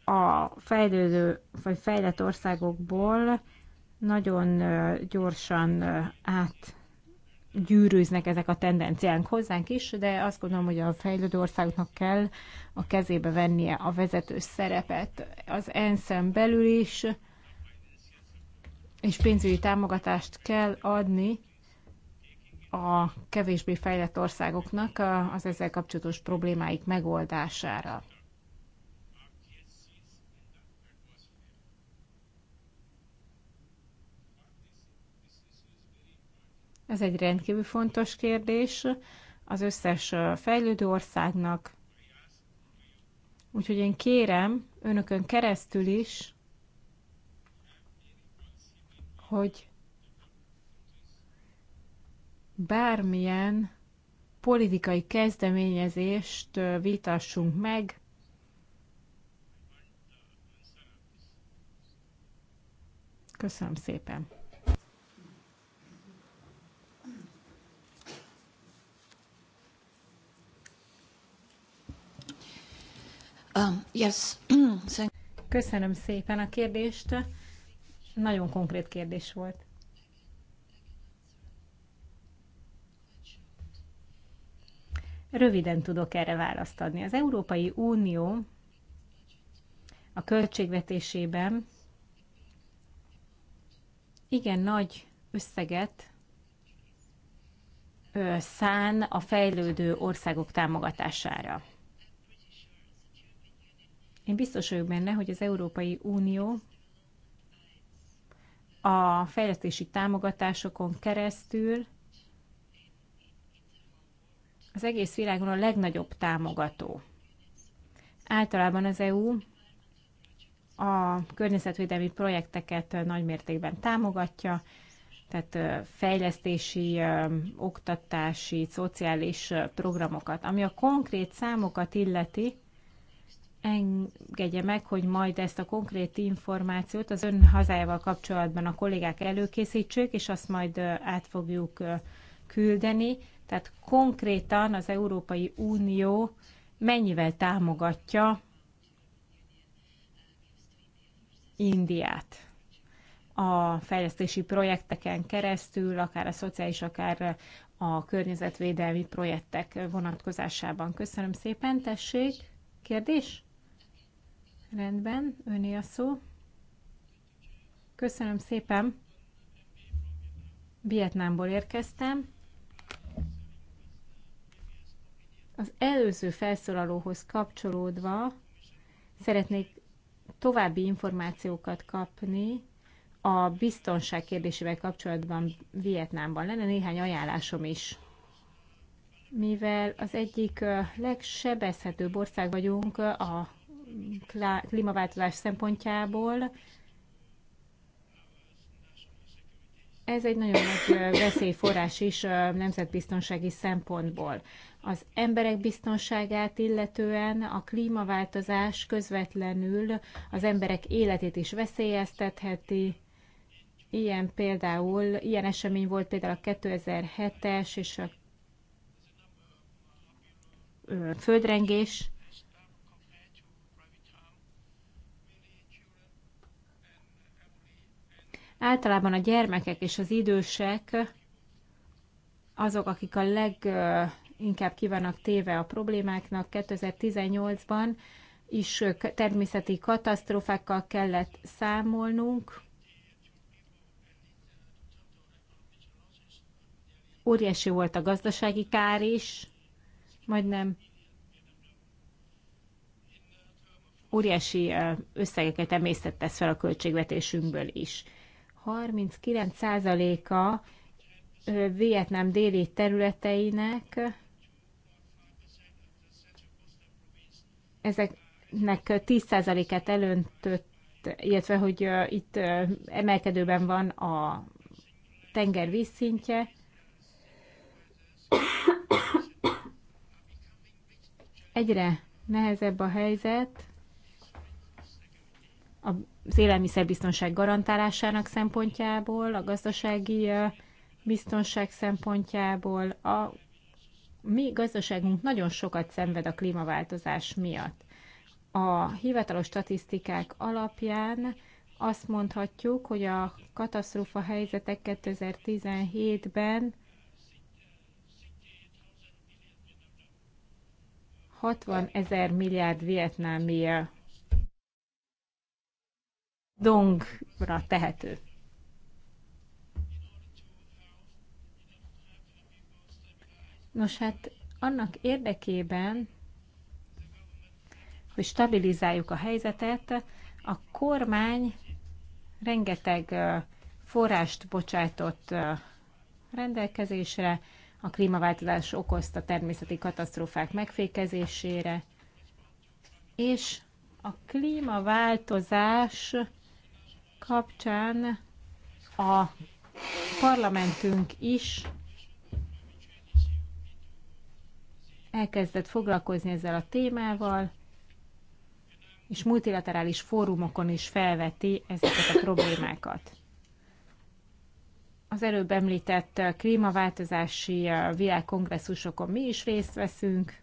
a fejlődő vagy fejlett országokból nagyon gyorsan átgyűrűznek ezek a tendenciánk hozzánk is, de azt gondolom, hogy a fejlődő országoknak kell a kezébe vennie a vezető szerepet az ensz belül is, és pénzügyi támogatást kell adni a kevésbé fejlett országoknak az ezzel kapcsolatos problémáik megoldására. Ez egy rendkívül fontos kérdés az összes fejlődő országnak. Úgyhogy én kérem önökön keresztül is, hogy bármilyen politikai kezdeményezést vitassunk meg, Köszönöm szépen! Um, yes. [clears throat] Köszönöm szépen a kérdést. Nagyon konkrét kérdés volt. Röviden tudok erre választ adni. Az Európai Unió a költségvetésében igen nagy összeget szán a fejlődő országok támogatására. Én biztos vagyok benne, hogy az Európai Unió a fejlesztési támogatásokon keresztül az egész világon a legnagyobb támogató. Általában az EU a környezetvédelmi projekteket nagymértékben támogatja, tehát fejlesztési, oktatási, szociális programokat. Ami a konkrét számokat illeti, engedje meg, hogy majd ezt a konkrét információt az ön hazájával kapcsolatban a kollégák előkészítsék, és azt majd át fogjuk küldeni. Tehát konkrétan az Európai Unió mennyivel támogatja Indiát a fejlesztési projekteken keresztül, akár a szociális, akár a környezetvédelmi projektek vonatkozásában. Köszönöm szépen, tessék! Kérdés? Rendben, öné a szó. Köszönöm szépen. Vietnámból érkeztem. Az előző felszólalóhoz kapcsolódva szeretnék további információkat kapni a biztonság kérdésével kapcsolatban Vietnámban. Lenne néhány ajánlásom is. Mivel az egyik legsebezhetőbb ország vagyunk a klímaváltozás szempontjából. Ez egy nagyon nagy veszélyforrás is nemzetbiztonsági szempontból. Az emberek biztonságát illetően a klímaváltozás közvetlenül az emberek életét is veszélyeztetheti. Ilyen például, ilyen esemény volt például a 2007-es és a földrengés, Általában a gyermekek és az idősek azok, akik a leginkább kivannak téve a problémáknak 2018-ban, is természeti katasztrófákkal kellett számolnunk. Óriási volt a gazdasági kár is, majdnem óriási összegeket emésztett ez fel a költségvetésünkből is. 39%-a Vietnám déli területeinek ezeknek 10 et elöntött, illetve hogy itt emelkedőben van a tenger vízszintje. Egyre nehezebb a helyzet a az élelmiszerbiztonság garantálásának szempontjából, a gazdasági biztonság szempontjából. A mi gazdaságunk nagyon sokat szenved a klímaváltozás miatt. A hivatalos statisztikák alapján azt mondhatjuk, hogy a katasztrófa helyzetek 2017-ben 60 ezer milliárd vietnámi dongra tehető. Nos hát annak érdekében, hogy stabilizáljuk a helyzetet, a kormány rengeteg forrást bocsájtott rendelkezésre, a klímaváltozás okozta természeti katasztrófák megfékezésére, és a klímaváltozás kapcsán a parlamentünk is elkezdett foglalkozni ezzel a témával, és multilaterális fórumokon is felveti ezeket a problémákat. Az előbb említett klímaváltozási világkongresszusokon mi is részt veszünk,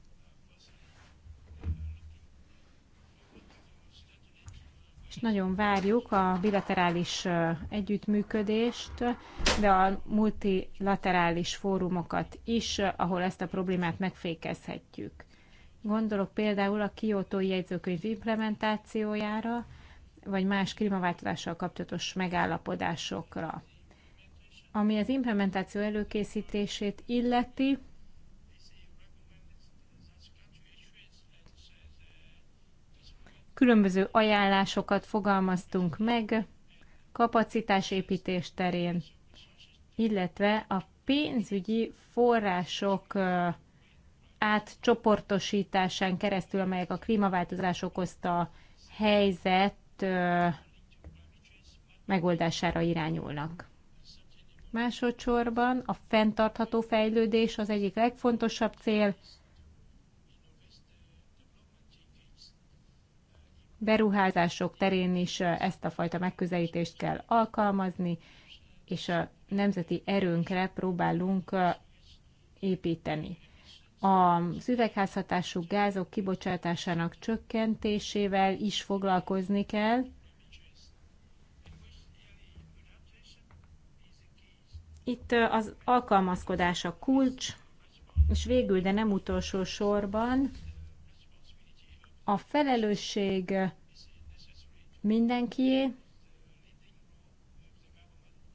és nagyon várjuk a bilaterális együttműködést, de a multilaterális fórumokat is, ahol ezt a problémát megfékezhetjük. Gondolok például a kiótói jegyzőkönyv implementációjára, vagy más klímaváltozással kapcsolatos megállapodásokra. Ami az implementáció előkészítését illeti, Különböző ajánlásokat fogalmaztunk meg kapacitásépítés terén, illetve a pénzügyi források átcsoportosításán keresztül, amelyek a klímaváltozás okozta helyzet megoldására irányulnak. Másodszorban a fenntartható fejlődés az egyik legfontosabb cél, beruházások terén is ezt a fajta megközelítést kell alkalmazni, és a nemzeti erőnkre próbálunk építeni. A szüvegházhatású gázok kibocsátásának csökkentésével is foglalkozni kell, Itt az alkalmazkodás a kulcs, és végül, de nem utolsó sorban a felelősség mindenkié.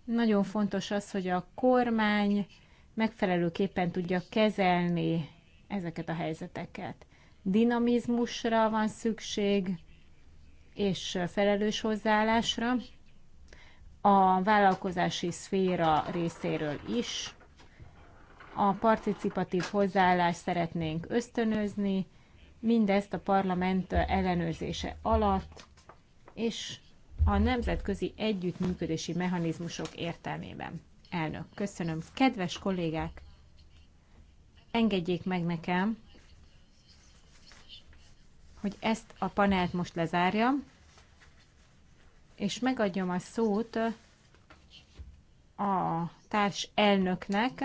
Nagyon fontos az, hogy a kormány megfelelőképpen tudja kezelni ezeket a helyzeteket. Dinamizmusra van szükség, és felelős hozzáállásra, a vállalkozási szféra részéről is. A participatív hozzáállást szeretnénk ösztönözni, mindezt a parlament ellenőrzése alatt, és a nemzetközi együttműködési mechanizmusok értelmében. Elnök, köszönöm. Kedves kollégák, engedjék meg nekem, hogy ezt a panelt most lezárjam, és megadjam a szót a társ elnöknek,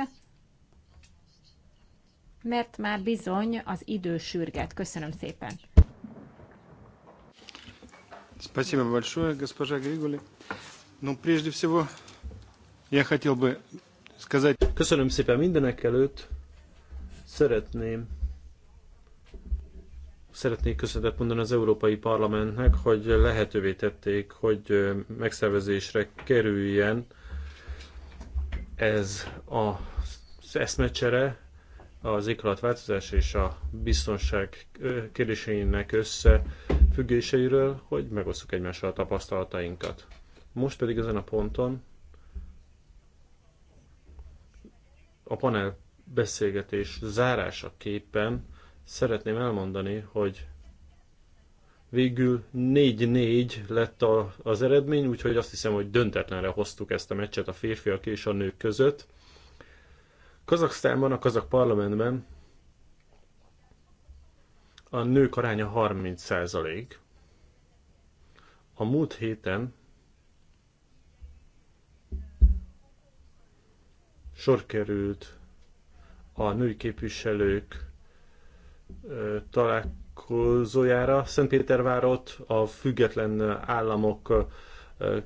mert már bizony az idő sürget. Köszönöm szépen. Спасибо большое, госпожа Григоли. Но прежде всего я хотел бы сказать... Köszönöm szépen mindenek előtt. Szeretném szeretnék köszönetet mondani az Európai Parlamentnek, hogy lehetővé tették, hogy megszervezésre kerüljen ez a eszmecsere, az éghajlatváltozás és a biztonság kérdéseinek összefüggéseiről, hogy megosszuk egymással a tapasztalatainkat. Most pedig ezen a ponton a panel beszélgetés zárásaképpen szeretném elmondani, hogy végül 4-4 lett a, az eredmény, úgyhogy azt hiszem, hogy döntetlenre hoztuk ezt a meccset a férfiak és a nők között. Kazaksztánban, a kazak parlamentben a nők aránya 30 százalék. A múlt héten sor került a női képviselők találkozójára. Szentpétervárot a független államok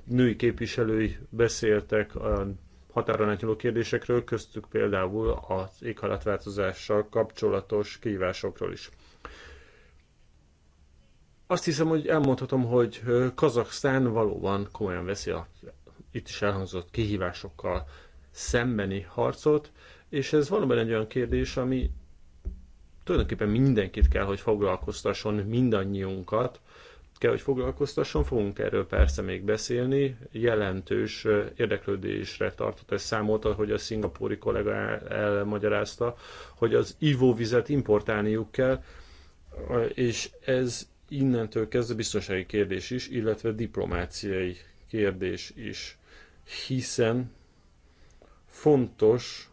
női képviselői beszéltek a határon átnyúló kérdésekről, köztük például az éghajlatváltozással kapcsolatos kihívásokról is. Azt hiszem, hogy elmondhatom, hogy Kazaksztán valóban komolyan veszi a itt is elhangzott kihívásokkal szembeni harcot, és ez valóban egy olyan kérdés, ami tulajdonképpen mindenkit kell, hogy foglalkoztasson mindannyiunkat, kell, hogy foglalkoztasson, fogunk erről persze még beszélni. Jelentős érdeklődésre tartott ez számot, hogy a szingapúri kollega elmagyarázta, hogy az ivóvizet importálniuk kell, és ez innentől kezdve biztonsági kérdés is, illetve diplomáciai kérdés is, hiszen fontos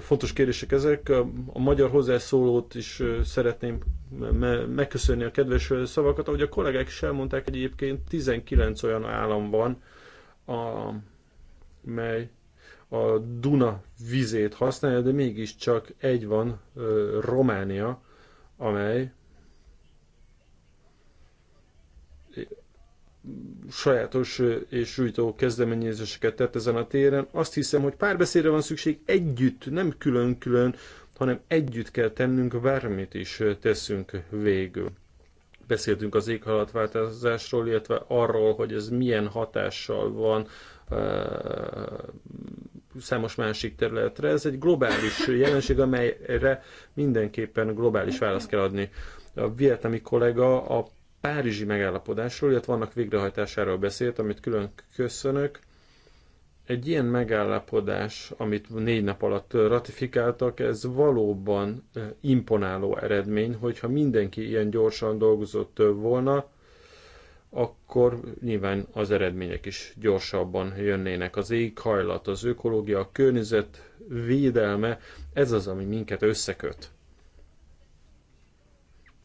fontos kérdések ezek. A magyar hozzászólót is szeretném megköszönni a kedves szavakat. Ahogy a kollégák is elmondták, egyébként 19 olyan állam van, a, mely a Duna vizét használja, de mégiscsak egy van, Románia, amely sajátos és sújtó kezdeményezéseket tett ezen a téren. Azt hiszem, hogy párbeszédre van szükség együtt, nem külön-külön, hanem együtt kell tennünk, bármit is teszünk végül. Beszéltünk az éghalatváltozásról, illetve arról, hogy ez milyen hatással van számos másik területre. Ez egy globális jelenség, amelyre mindenképpen globális választ kell adni. A vietnami kollega a Párizsi megállapodásról, illetve vannak végrehajtásáról beszélt, amit külön köszönök. Egy ilyen megállapodás, amit négy nap alatt ratifikáltak, ez valóban imponáló eredmény, hogyha mindenki ilyen gyorsan dolgozott volna, akkor nyilván az eredmények is gyorsabban jönnének. Az éghajlat, az ökológia, a környezet védelme, ez az, ami minket összeköt.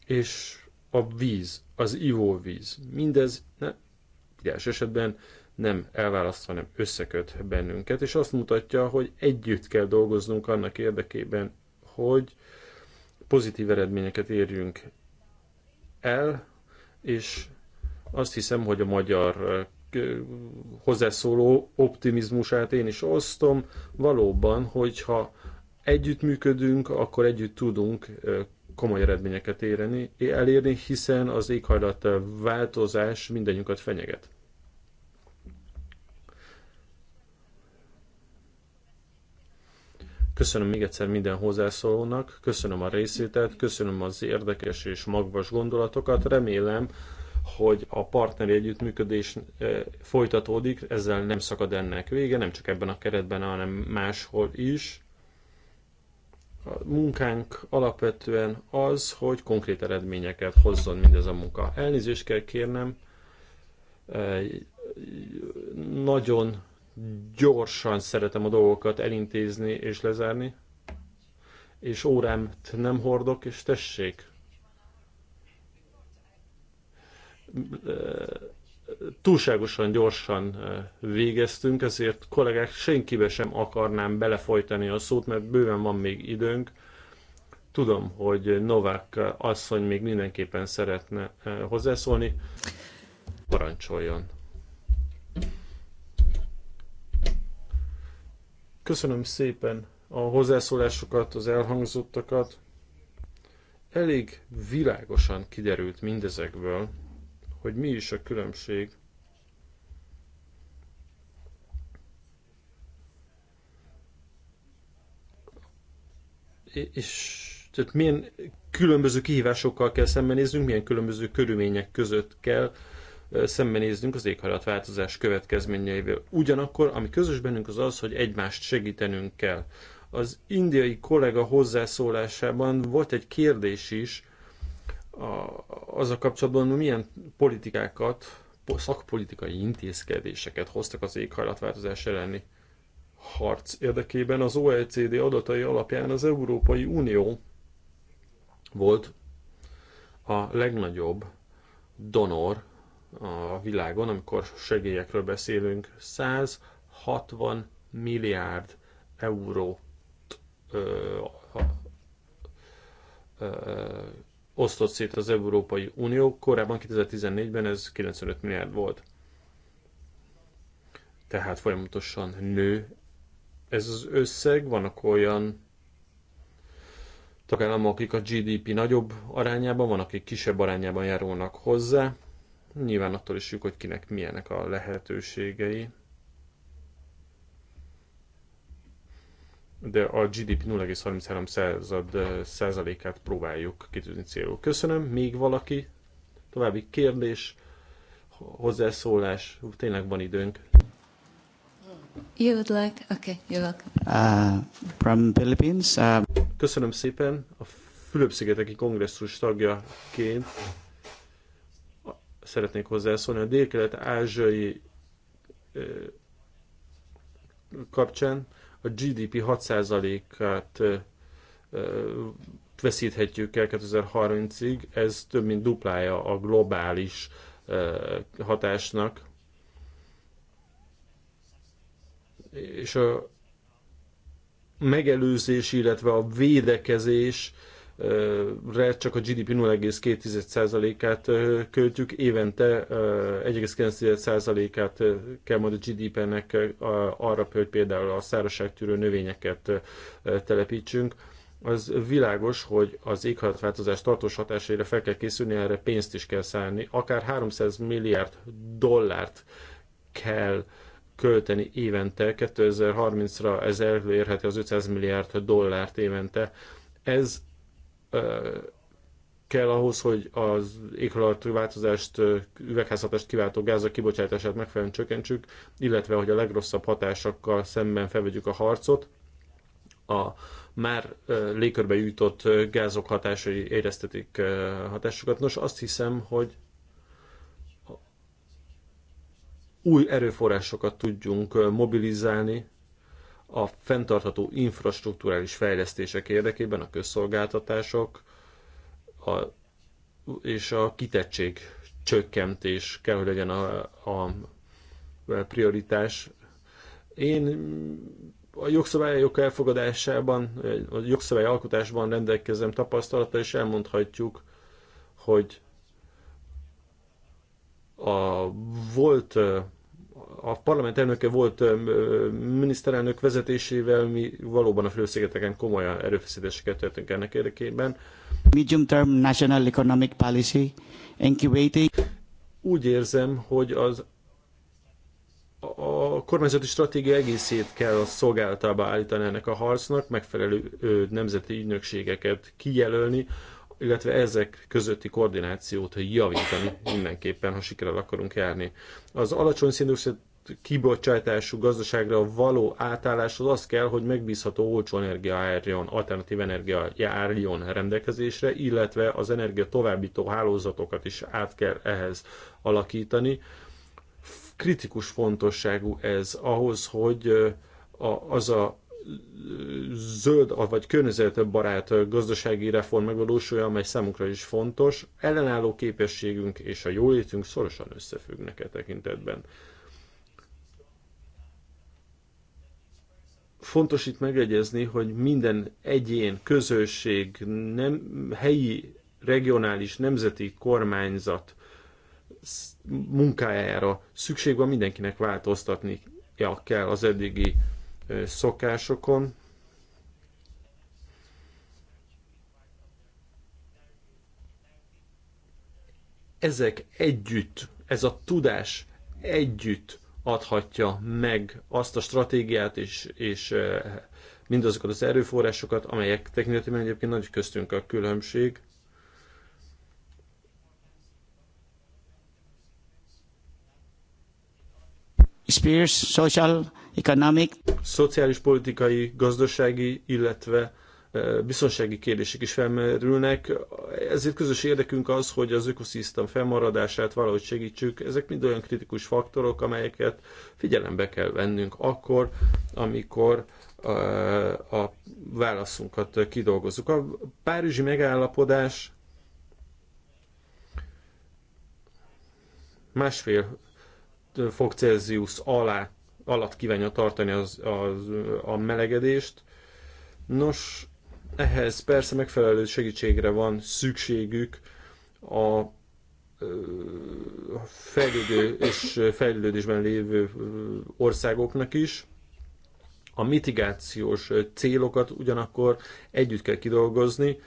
És a víz az ivóvíz. Mindez ne, ideális esetben nem elválaszt, hanem összeköt bennünket, és azt mutatja, hogy együtt kell dolgoznunk annak érdekében, hogy pozitív eredményeket érjünk el, és azt hiszem, hogy a magyar hozzászóló optimizmusát én is osztom, valóban, hogyha együttműködünk, akkor együtt tudunk komoly eredményeket érni, elérni, hiszen az éghajlat változás mindenjüket fenyeget. Köszönöm még egyszer minden hozzászólónak, köszönöm a részvételt, köszönöm az érdekes és magvas gondolatokat. Remélem, hogy a partneri együttműködés eh, folytatódik, ezzel nem szakad ennek vége, nem csak ebben a keretben, hanem máshol is. A munkánk alapvetően az, hogy konkrét eredményeket hozzon mindez a munka. Elnézést kell kérnem, e, nagyon gyorsan szeretem a dolgokat elintézni és lezárni, és órámt nem hordok, és tessék. E, túlságosan gyorsan végeztünk, ezért kollégák, senkibe sem akarnám belefolytani a szót, mert bőven van még időnk. Tudom, hogy Novák asszony még mindenképpen szeretne hozzászólni. Parancsoljon! Köszönöm szépen a hozzászólásokat, az elhangzottakat. Elég világosan kiderült mindezekből, hogy mi is a különbség és tehát milyen különböző kihívásokkal kell szembenéznünk, milyen különböző körülmények között kell szembenéznünk az éghajlatváltozás következményeivel. Ugyanakkor, ami közös bennünk az az, hogy egymást segítenünk kell. Az indiai kollega hozzászólásában volt egy kérdés is, a, a kapcsolatban milyen politikákat, szakpolitikai intézkedéseket hoztak az éghajlatváltozás elleni harc érdekében. Az OECD adatai alapján az Európai Unió volt a legnagyobb donor a világon, amikor segélyekről beszélünk, 160 milliárd eurót ö, ö, ö, osztott szét az Európai Unió, korábban 2014-ben ez 95 milliárd volt. Tehát folyamatosan nő ez az összeg, vannak olyan tagállamok, akik a GDP nagyobb arányában, van, akik kisebb arányában járulnak hozzá. Nyilván attól is függ, hogy kinek milyenek a lehetőségei. de a GDP 0,33 század eh, százalékát próbáljuk kitűzni célul. Köszönöm, még valaki? További kérdés, hozzászólás, tényleg van időnk. You would like, okay, you're welcome. Uh, from Philippines. Uh... Köszönöm szépen, a Fülöp-szigeteki kongresszus tagjaként szeretnék hozzászólni. A dél-kelet-ázsiai eh, kapcsán a GDP 6%-át veszíthetjük el 2030-ig, ez több mint duplája a globális hatásnak. És a megelőzés, illetve a védekezés re csak a GDP 0,2%-át költjük, évente 1,9%-át kell majd a GDP-nek arra, hogy például a szárazságtűrő növényeket telepítsünk. Az világos, hogy az éghajlatváltozás tartós hatásaira fel kell készülni, erre pénzt is kell szállni. Akár 300 milliárd dollárt kell költeni évente, 2030-ra ez elérheti az 500 milliárd dollárt évente. Ez kell ahhoz, hogy az éghajlatváltozást, üvegházhatást kiváltó gázok kibocsátását megfelelően csökkentsük, illetve hogy a legrosszabb hatásokkal szemben felvegyük a harcot. A már légkörbe jutott gázok hatásai éreztetik hatásukat. Nos, azt hiszem, hogy új erőforrásokat tudjunk mobilizálni, a fenntartható infrastruktúrális fejlesztések érdekében a közszolgáltatások a, és a kitettség csökkentés kell, hogy legyen a, a prioritás. Én a jogszabályok elfogadásában, a jogszabály alkotásban rendelkezem tapasztalattal, és elmondhatjuk, hogy a volt a parlament elnöke volt miniszterelnök vezetésével, mi valóban a Fülöp-szigeteken komoly erőfeszítéseket tettünk ennek érdekében. Medium term national economic policy incubating. Úgy érzem, hogy az a kormányzati stratégia egészét kell a szolgálatába állítani ennek a harcnak, megfelelő nemzeti ügynökségeket kijelölni, illetve ezek közötti koordinációt javítani mindenképpen, ha sikerrel akarunk járni. Az alacsony szindioxid kibocsátású gazdaságra való átállás az az kell, hogy megbízható olcsó energia álljon, alternatív energia járjon rendelkezésre, illetve az energia továbbító hálózatokat is át kell ehhez alakítani. Kritikus fontosságú ez ahhoz, hogy a, az a zöld vagy környezetbarát gazdasági reform megvalósulja, amely számunkra is fontos, ellenálló képességünk és a jólétünk szorosan összefüggnek e tekintetben. Fontos itt megegyezni, hogy minden egyén, közösség, nem, helyi, regionális, nemzeti kormányzat munkájára szükség van mindenkinek változtatni ja, kell az eddigi szokásokon, ezek együtt, ez a tudás együtt adhatja meg azt a stratégiát és, és eh, mindazokat az erőforrásokat, amelyek tekintetében egyébként nagy köztünk a különbség. Spears, social, economic. Szociális, politikai, gazdasági, illetve biztonsági kérdések is felmerülnek, ezért közös érdekünk az, hogy az ökoszisztem felmaradását valahogy segítsük. Ezek mind olyan kritikus faktorok, amelyeket figyelembe kell vennünk akkor, amikor a válaszunkat kidolgozzuk. A párizsi megállapodás másfél fok Celsius alá, alatt kívánja tartani az, az, a melegedést. Nos, ehhez persze megfelelő segítségre van szükségük a fejlődő és fejlődésben lévő országoknak is. A mitigációs célokat ugyanakkor együtt kell kidolgozni,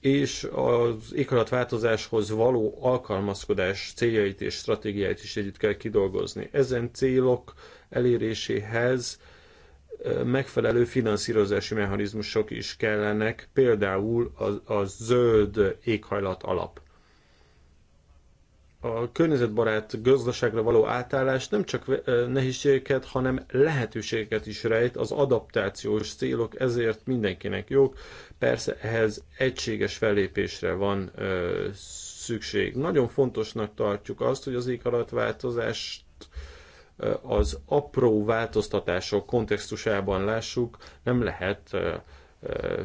és az éghajlatváltozáshoz való alkalmazkodás céljait és stratégiáit is együtt kell kidolgozni. Ezen célok eléréséhez megfelelő finanszírozási mechanizmusok is kellenek, például a, a zöld éghajlat alap. A környezetbarát gazdaságra való átállás nem csak eh, nehézségeket, hanem lehetőségeket is rejt, az adaptációs célok ezért mindenkinek jók, persze ehhez egységes fellépésre van eh, szükség. Nagyon fontosnak tartjuk azt, hogy az éghajlatváltozást változást az apró változtatások kontextusában lássuk, nem lehet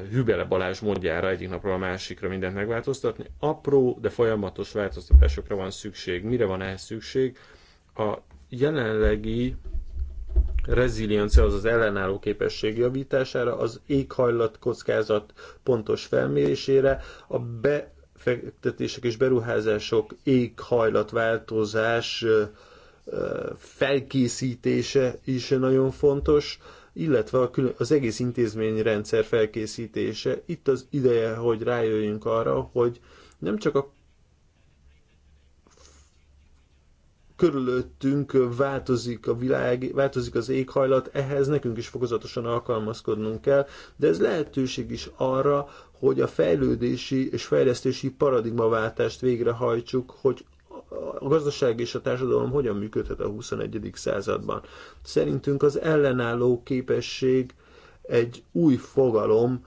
Hübele Balázs mondjára egyik napról a másikra mindent megváltoztatni. Apró, de folyamatos változtatásokra van szükség. Mire van ehhez szükség? A jelenlegi reziliencia, az ellenálló képesség javítására, az éghajlat kockázat pontos felmérésére, a befektetések és beruházások éghajlatváltozás változás felkészítése is nagyon fontos, illetve az egész intézményrendszer felkészítése. Itt az ideje, hogy rájöjjünk arra, hogy nem csak a körülöttünk változik a világ, változik az éghajlat, ehhez nekünk is fokozatosan alkalmazkodnunk kell, de ez lehetőség is arra, hogy a fejlődési és fejlesztési paradigmaváltást végrehajtsuk, hogy a gazdaság és a társadalom hogyan működhet a 21. században. Szerintünk az ellenálló képesség egy új fogalom,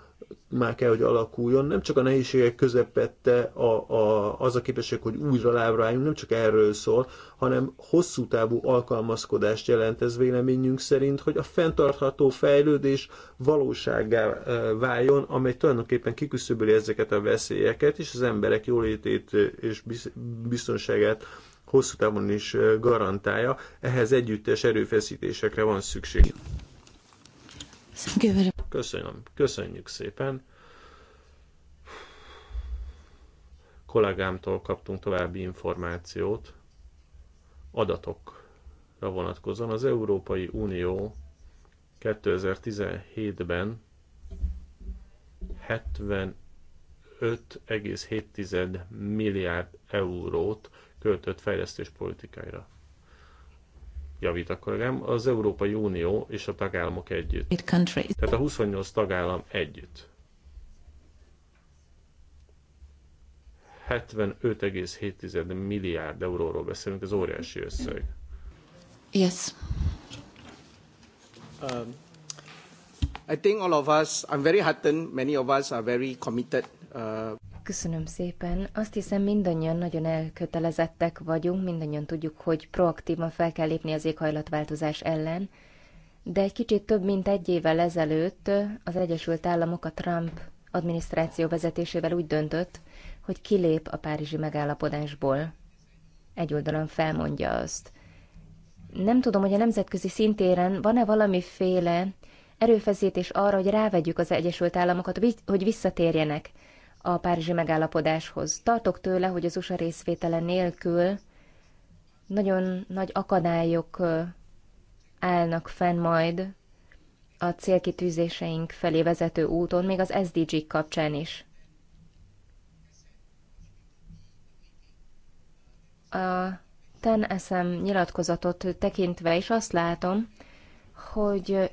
már kell, hogy alakuljon. Nem csak a nehézségek közepette a, a, az a képesség, hogy újra lábra álljunk, nem csak erről szól, hanem hosszú távú alkalmazkodást jelent ez véleményünk szerint, hogy a fenntartható fejlődés valósággá váljon, amely tulajdonképpen kiküszöböli ezeket a veszélyeket, és az emberek jólétét és biztonságát hosszú távon is garantálja. Ehhez együttes erőfeszítésekre van szükség. Köszönöm, köszönjük szépen. Kollégámtól kaptunk további információt adatokra vonatkozóan. Az Európai Unió 2017-ben 75,7 milliárd eurót költött fejlesztéspolitikára javít a kollégám, az Európai Unió és a tagállamok együtt. Tehát a 28 tagállam együtt. 75,7 milliárd euróról beszélünk, ez óriási összeg. Yes. Um, I think all of us, I'm very heartened, many of us are very committed. Uh... Köszönöm szépen. Azt hiszem mindannyian nagyon elkötelezettek vagyunk, mindannyian tudjuk, hogy proaktívan fel kell lépni az éghajlatváltozás ellen, de egy kicsit több mint egy évvel ezelőtt az Egyesült Államok a Trump adminisztráció vezetésével úgy döntött, hogy kilép a párizsi megállapodásból. Egy oldalon felmondja azt. Nem tudom, hogy a nemzetközi szintéren van-e valamiféle erőfeszítés arra, hogy rávegyük az Egyesült Államokat, hogy visszatérjenek a párizsi megállapodáshoz. Tartok tőle, hogy az USA részvétele nélkül nagyon nagy akadályok állnak fenn majd a célkitűzéseink felé vezető úton, még az SDG kapcsán is. A Ten SM nyilatkozatot tekintve is azt látom, hogy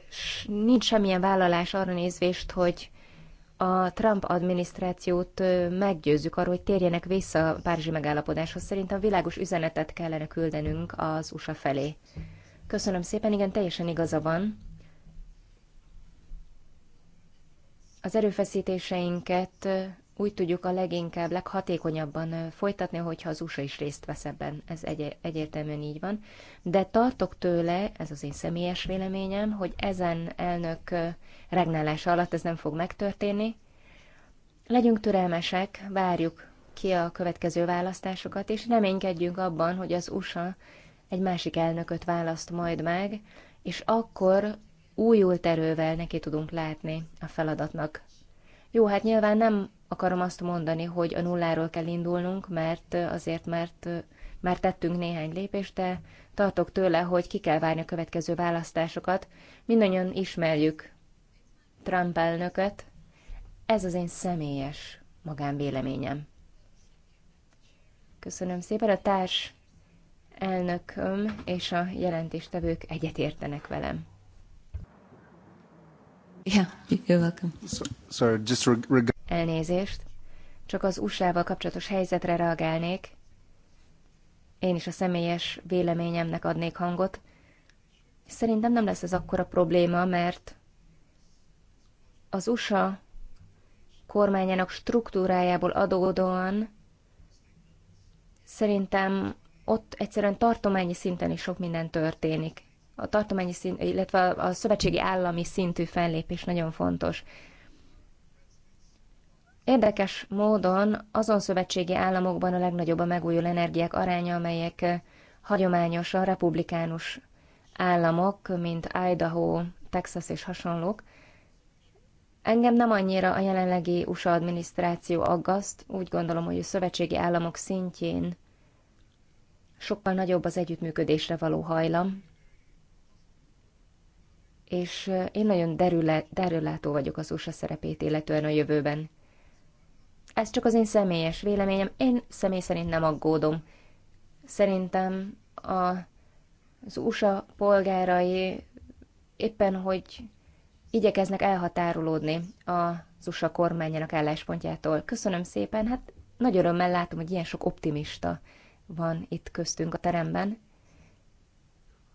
nincs semmilyen vállalás arra nézvést, hogy a Trump adminisztrációt meggyőzzük arról, hogy térjenek vissza a Párizsi megállapodáshoz. Szerintem világos üzenetet kellene küldenünk az USA felé. Köszönöm szépen, igen, teljesen igaza van. Az erőfeszítéseinket úgy tudjuk a leginkább, leghatékonyabban folytatni, hogyha az USA is részt vesz ebben. Ez egy- egyértelműen így van. De tartok tőle, ez az én személyes véleményem, hogy ezen elnök regnálása alatt ez nem fog megtörténni. Legyünk türelmesek, várjuk ki a következő választásokat, és reménykedjünk abban, hogy az USA egy másik elnököt választ majd meg, és akkor újult erővel neki tudunk látni a feladatnak. Jó, hát nyilván nem akarom azt mondani, hogy a nulláról kell indulnunk, mert azért, mert már tettünk néhány lépést, de tartok tőle, hogy ki kell várni a következő választásokat. Mindannyian ismerjük Trump elnököt. Ez az én személyes magánvéleményem. Köszönöm szépen. A társ elnököm és a jelentéstevők egyetértenek velem. Yeah, you're welcome. So, sorry, just reg- Elnézést. Csak az USA-val kapcsolatos helyzetre reagálnék. Én is a személyes véleményemnek adnék hangot. Szerintem nem lesz ez akkora probléma, mert az USA kormányának struktúrájából adódóan szerintem ott egyszerűen tartományi szinten is sok minden történik a tartományi szint, illetve a szövetségi állami szintű fellépés nagyon fontos. Érdekes módon azon szövetségi államokban a legnagyobb a megújuló energiák aránya, amelyek hagyományosan republikánus államok, mint Idaho, Texas és hasonlók. Engem nem annyira a jelenlegi USA adminisztráció aggaszt, úgy gondolom, hogy a szövetségi államok szintjén sokkal nagyobb az együttműködésre való hajlam, és én nagyon derülátó vagyok az USA szerepét illetően a jövőben. Ez csak az én személyes véleményem, én személy szerint nem aggódom. Szerintem a, az USA polgárai éppen, hogy igyekeznek elhatárolódni az USA kormányának álláspontjától. Köszönöm szépen, hát nagy örömmel látom, hogy ilyen sok optimista van itt köztünk a teremben.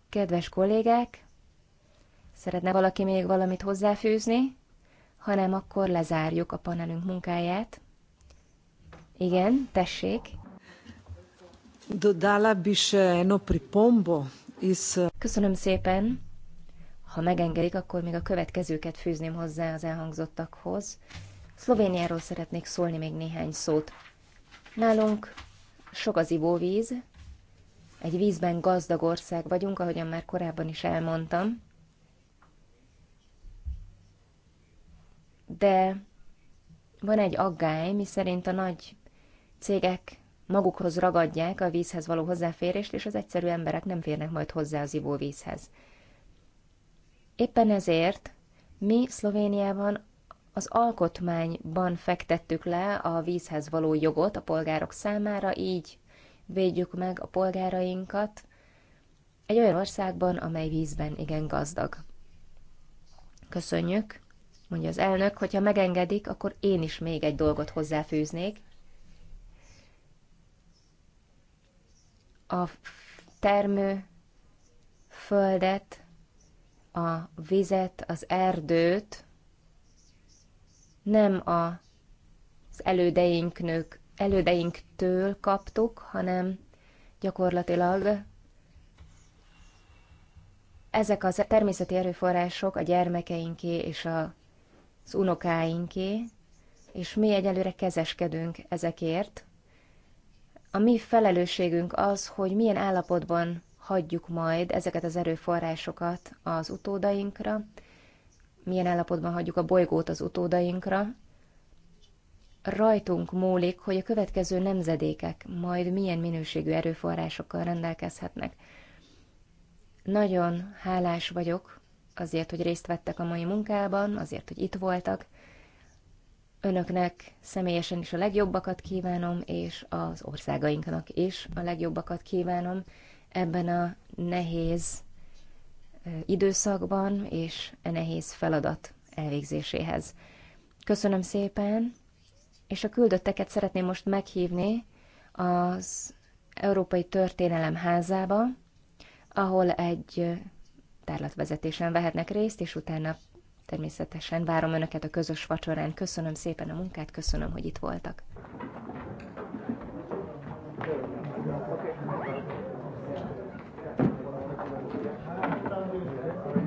Kedves kollégák, Szeretne valaki még valamit hozzáfűzni? Hanem akkor lezárjuk a panelünk munkáját. Igen, tessék. Dodala eno pripombo is... Köszönöm szépen. Ha megengedik, akkor még a következőket fűzném hozzá az elhangzottakhoz. Szlovéniáról szeretnék szólni még néhány szót. Nálunk sok az ivóvíz, egy vízben gazdag ország vagyunk, ahogyan már korábban is elmondtam. de van egy aggály, miszerint a nagy cégek magukhoz ragadják a vízhez való hozzáférést, és az egyszerű emberek nem férnek majd hozzá az ivóvízhez. Éppen ezért mi Szlovéniában az alkotmányban fektettük le a vízhez való jogot a polgárok számára, így védjük meg a polgárainkat egy olyan országban, amely vízben igen gazdag. Köszönjük! mondja az elnök, hogyha megengedik, akkor én is még egy dolgot hozzáfűznék. A termő földet, a vizet, az erdőt nem a, az elődeinknők, elődeinktől kaptuk, hanem gyakorlatilag ezek a természeti erőforrások a gyermekeinké és a az unokáinké, és mi egyelőre kezeskedünk ezekért. A mi felelősségünk az, hogy milyen állapotban hagyjuk majd ezeket az erőforrásokat az utódainkra, milyen állapotban hagyjuk a bolygót az utódainkra. Rajtunk múlik, hogy a következő nemzedékek majd milyen minőségű erőforrásokkal rendelkezhetnek. Nagyon hálás vagyok azért, hogy részt vettek a mai munkában, azért, hogy itt voltak. Önöknek személyesen is a legjobbakat kívánom, és az országainknak is a legjobbakat kívánom ebben a nehéz időszakban és a e nehéz feladat elvégzéséhez. Köszönöm szépen, és a küldötteket szeretném most meghívni az Európai Történelem házába, ahol egy tárlatvezetésen vehetnek részt, és utána természetesen várom Önöket a közös vacsorán. Köszönöm szépen a munkát, köszönöm, hogy itt voltak.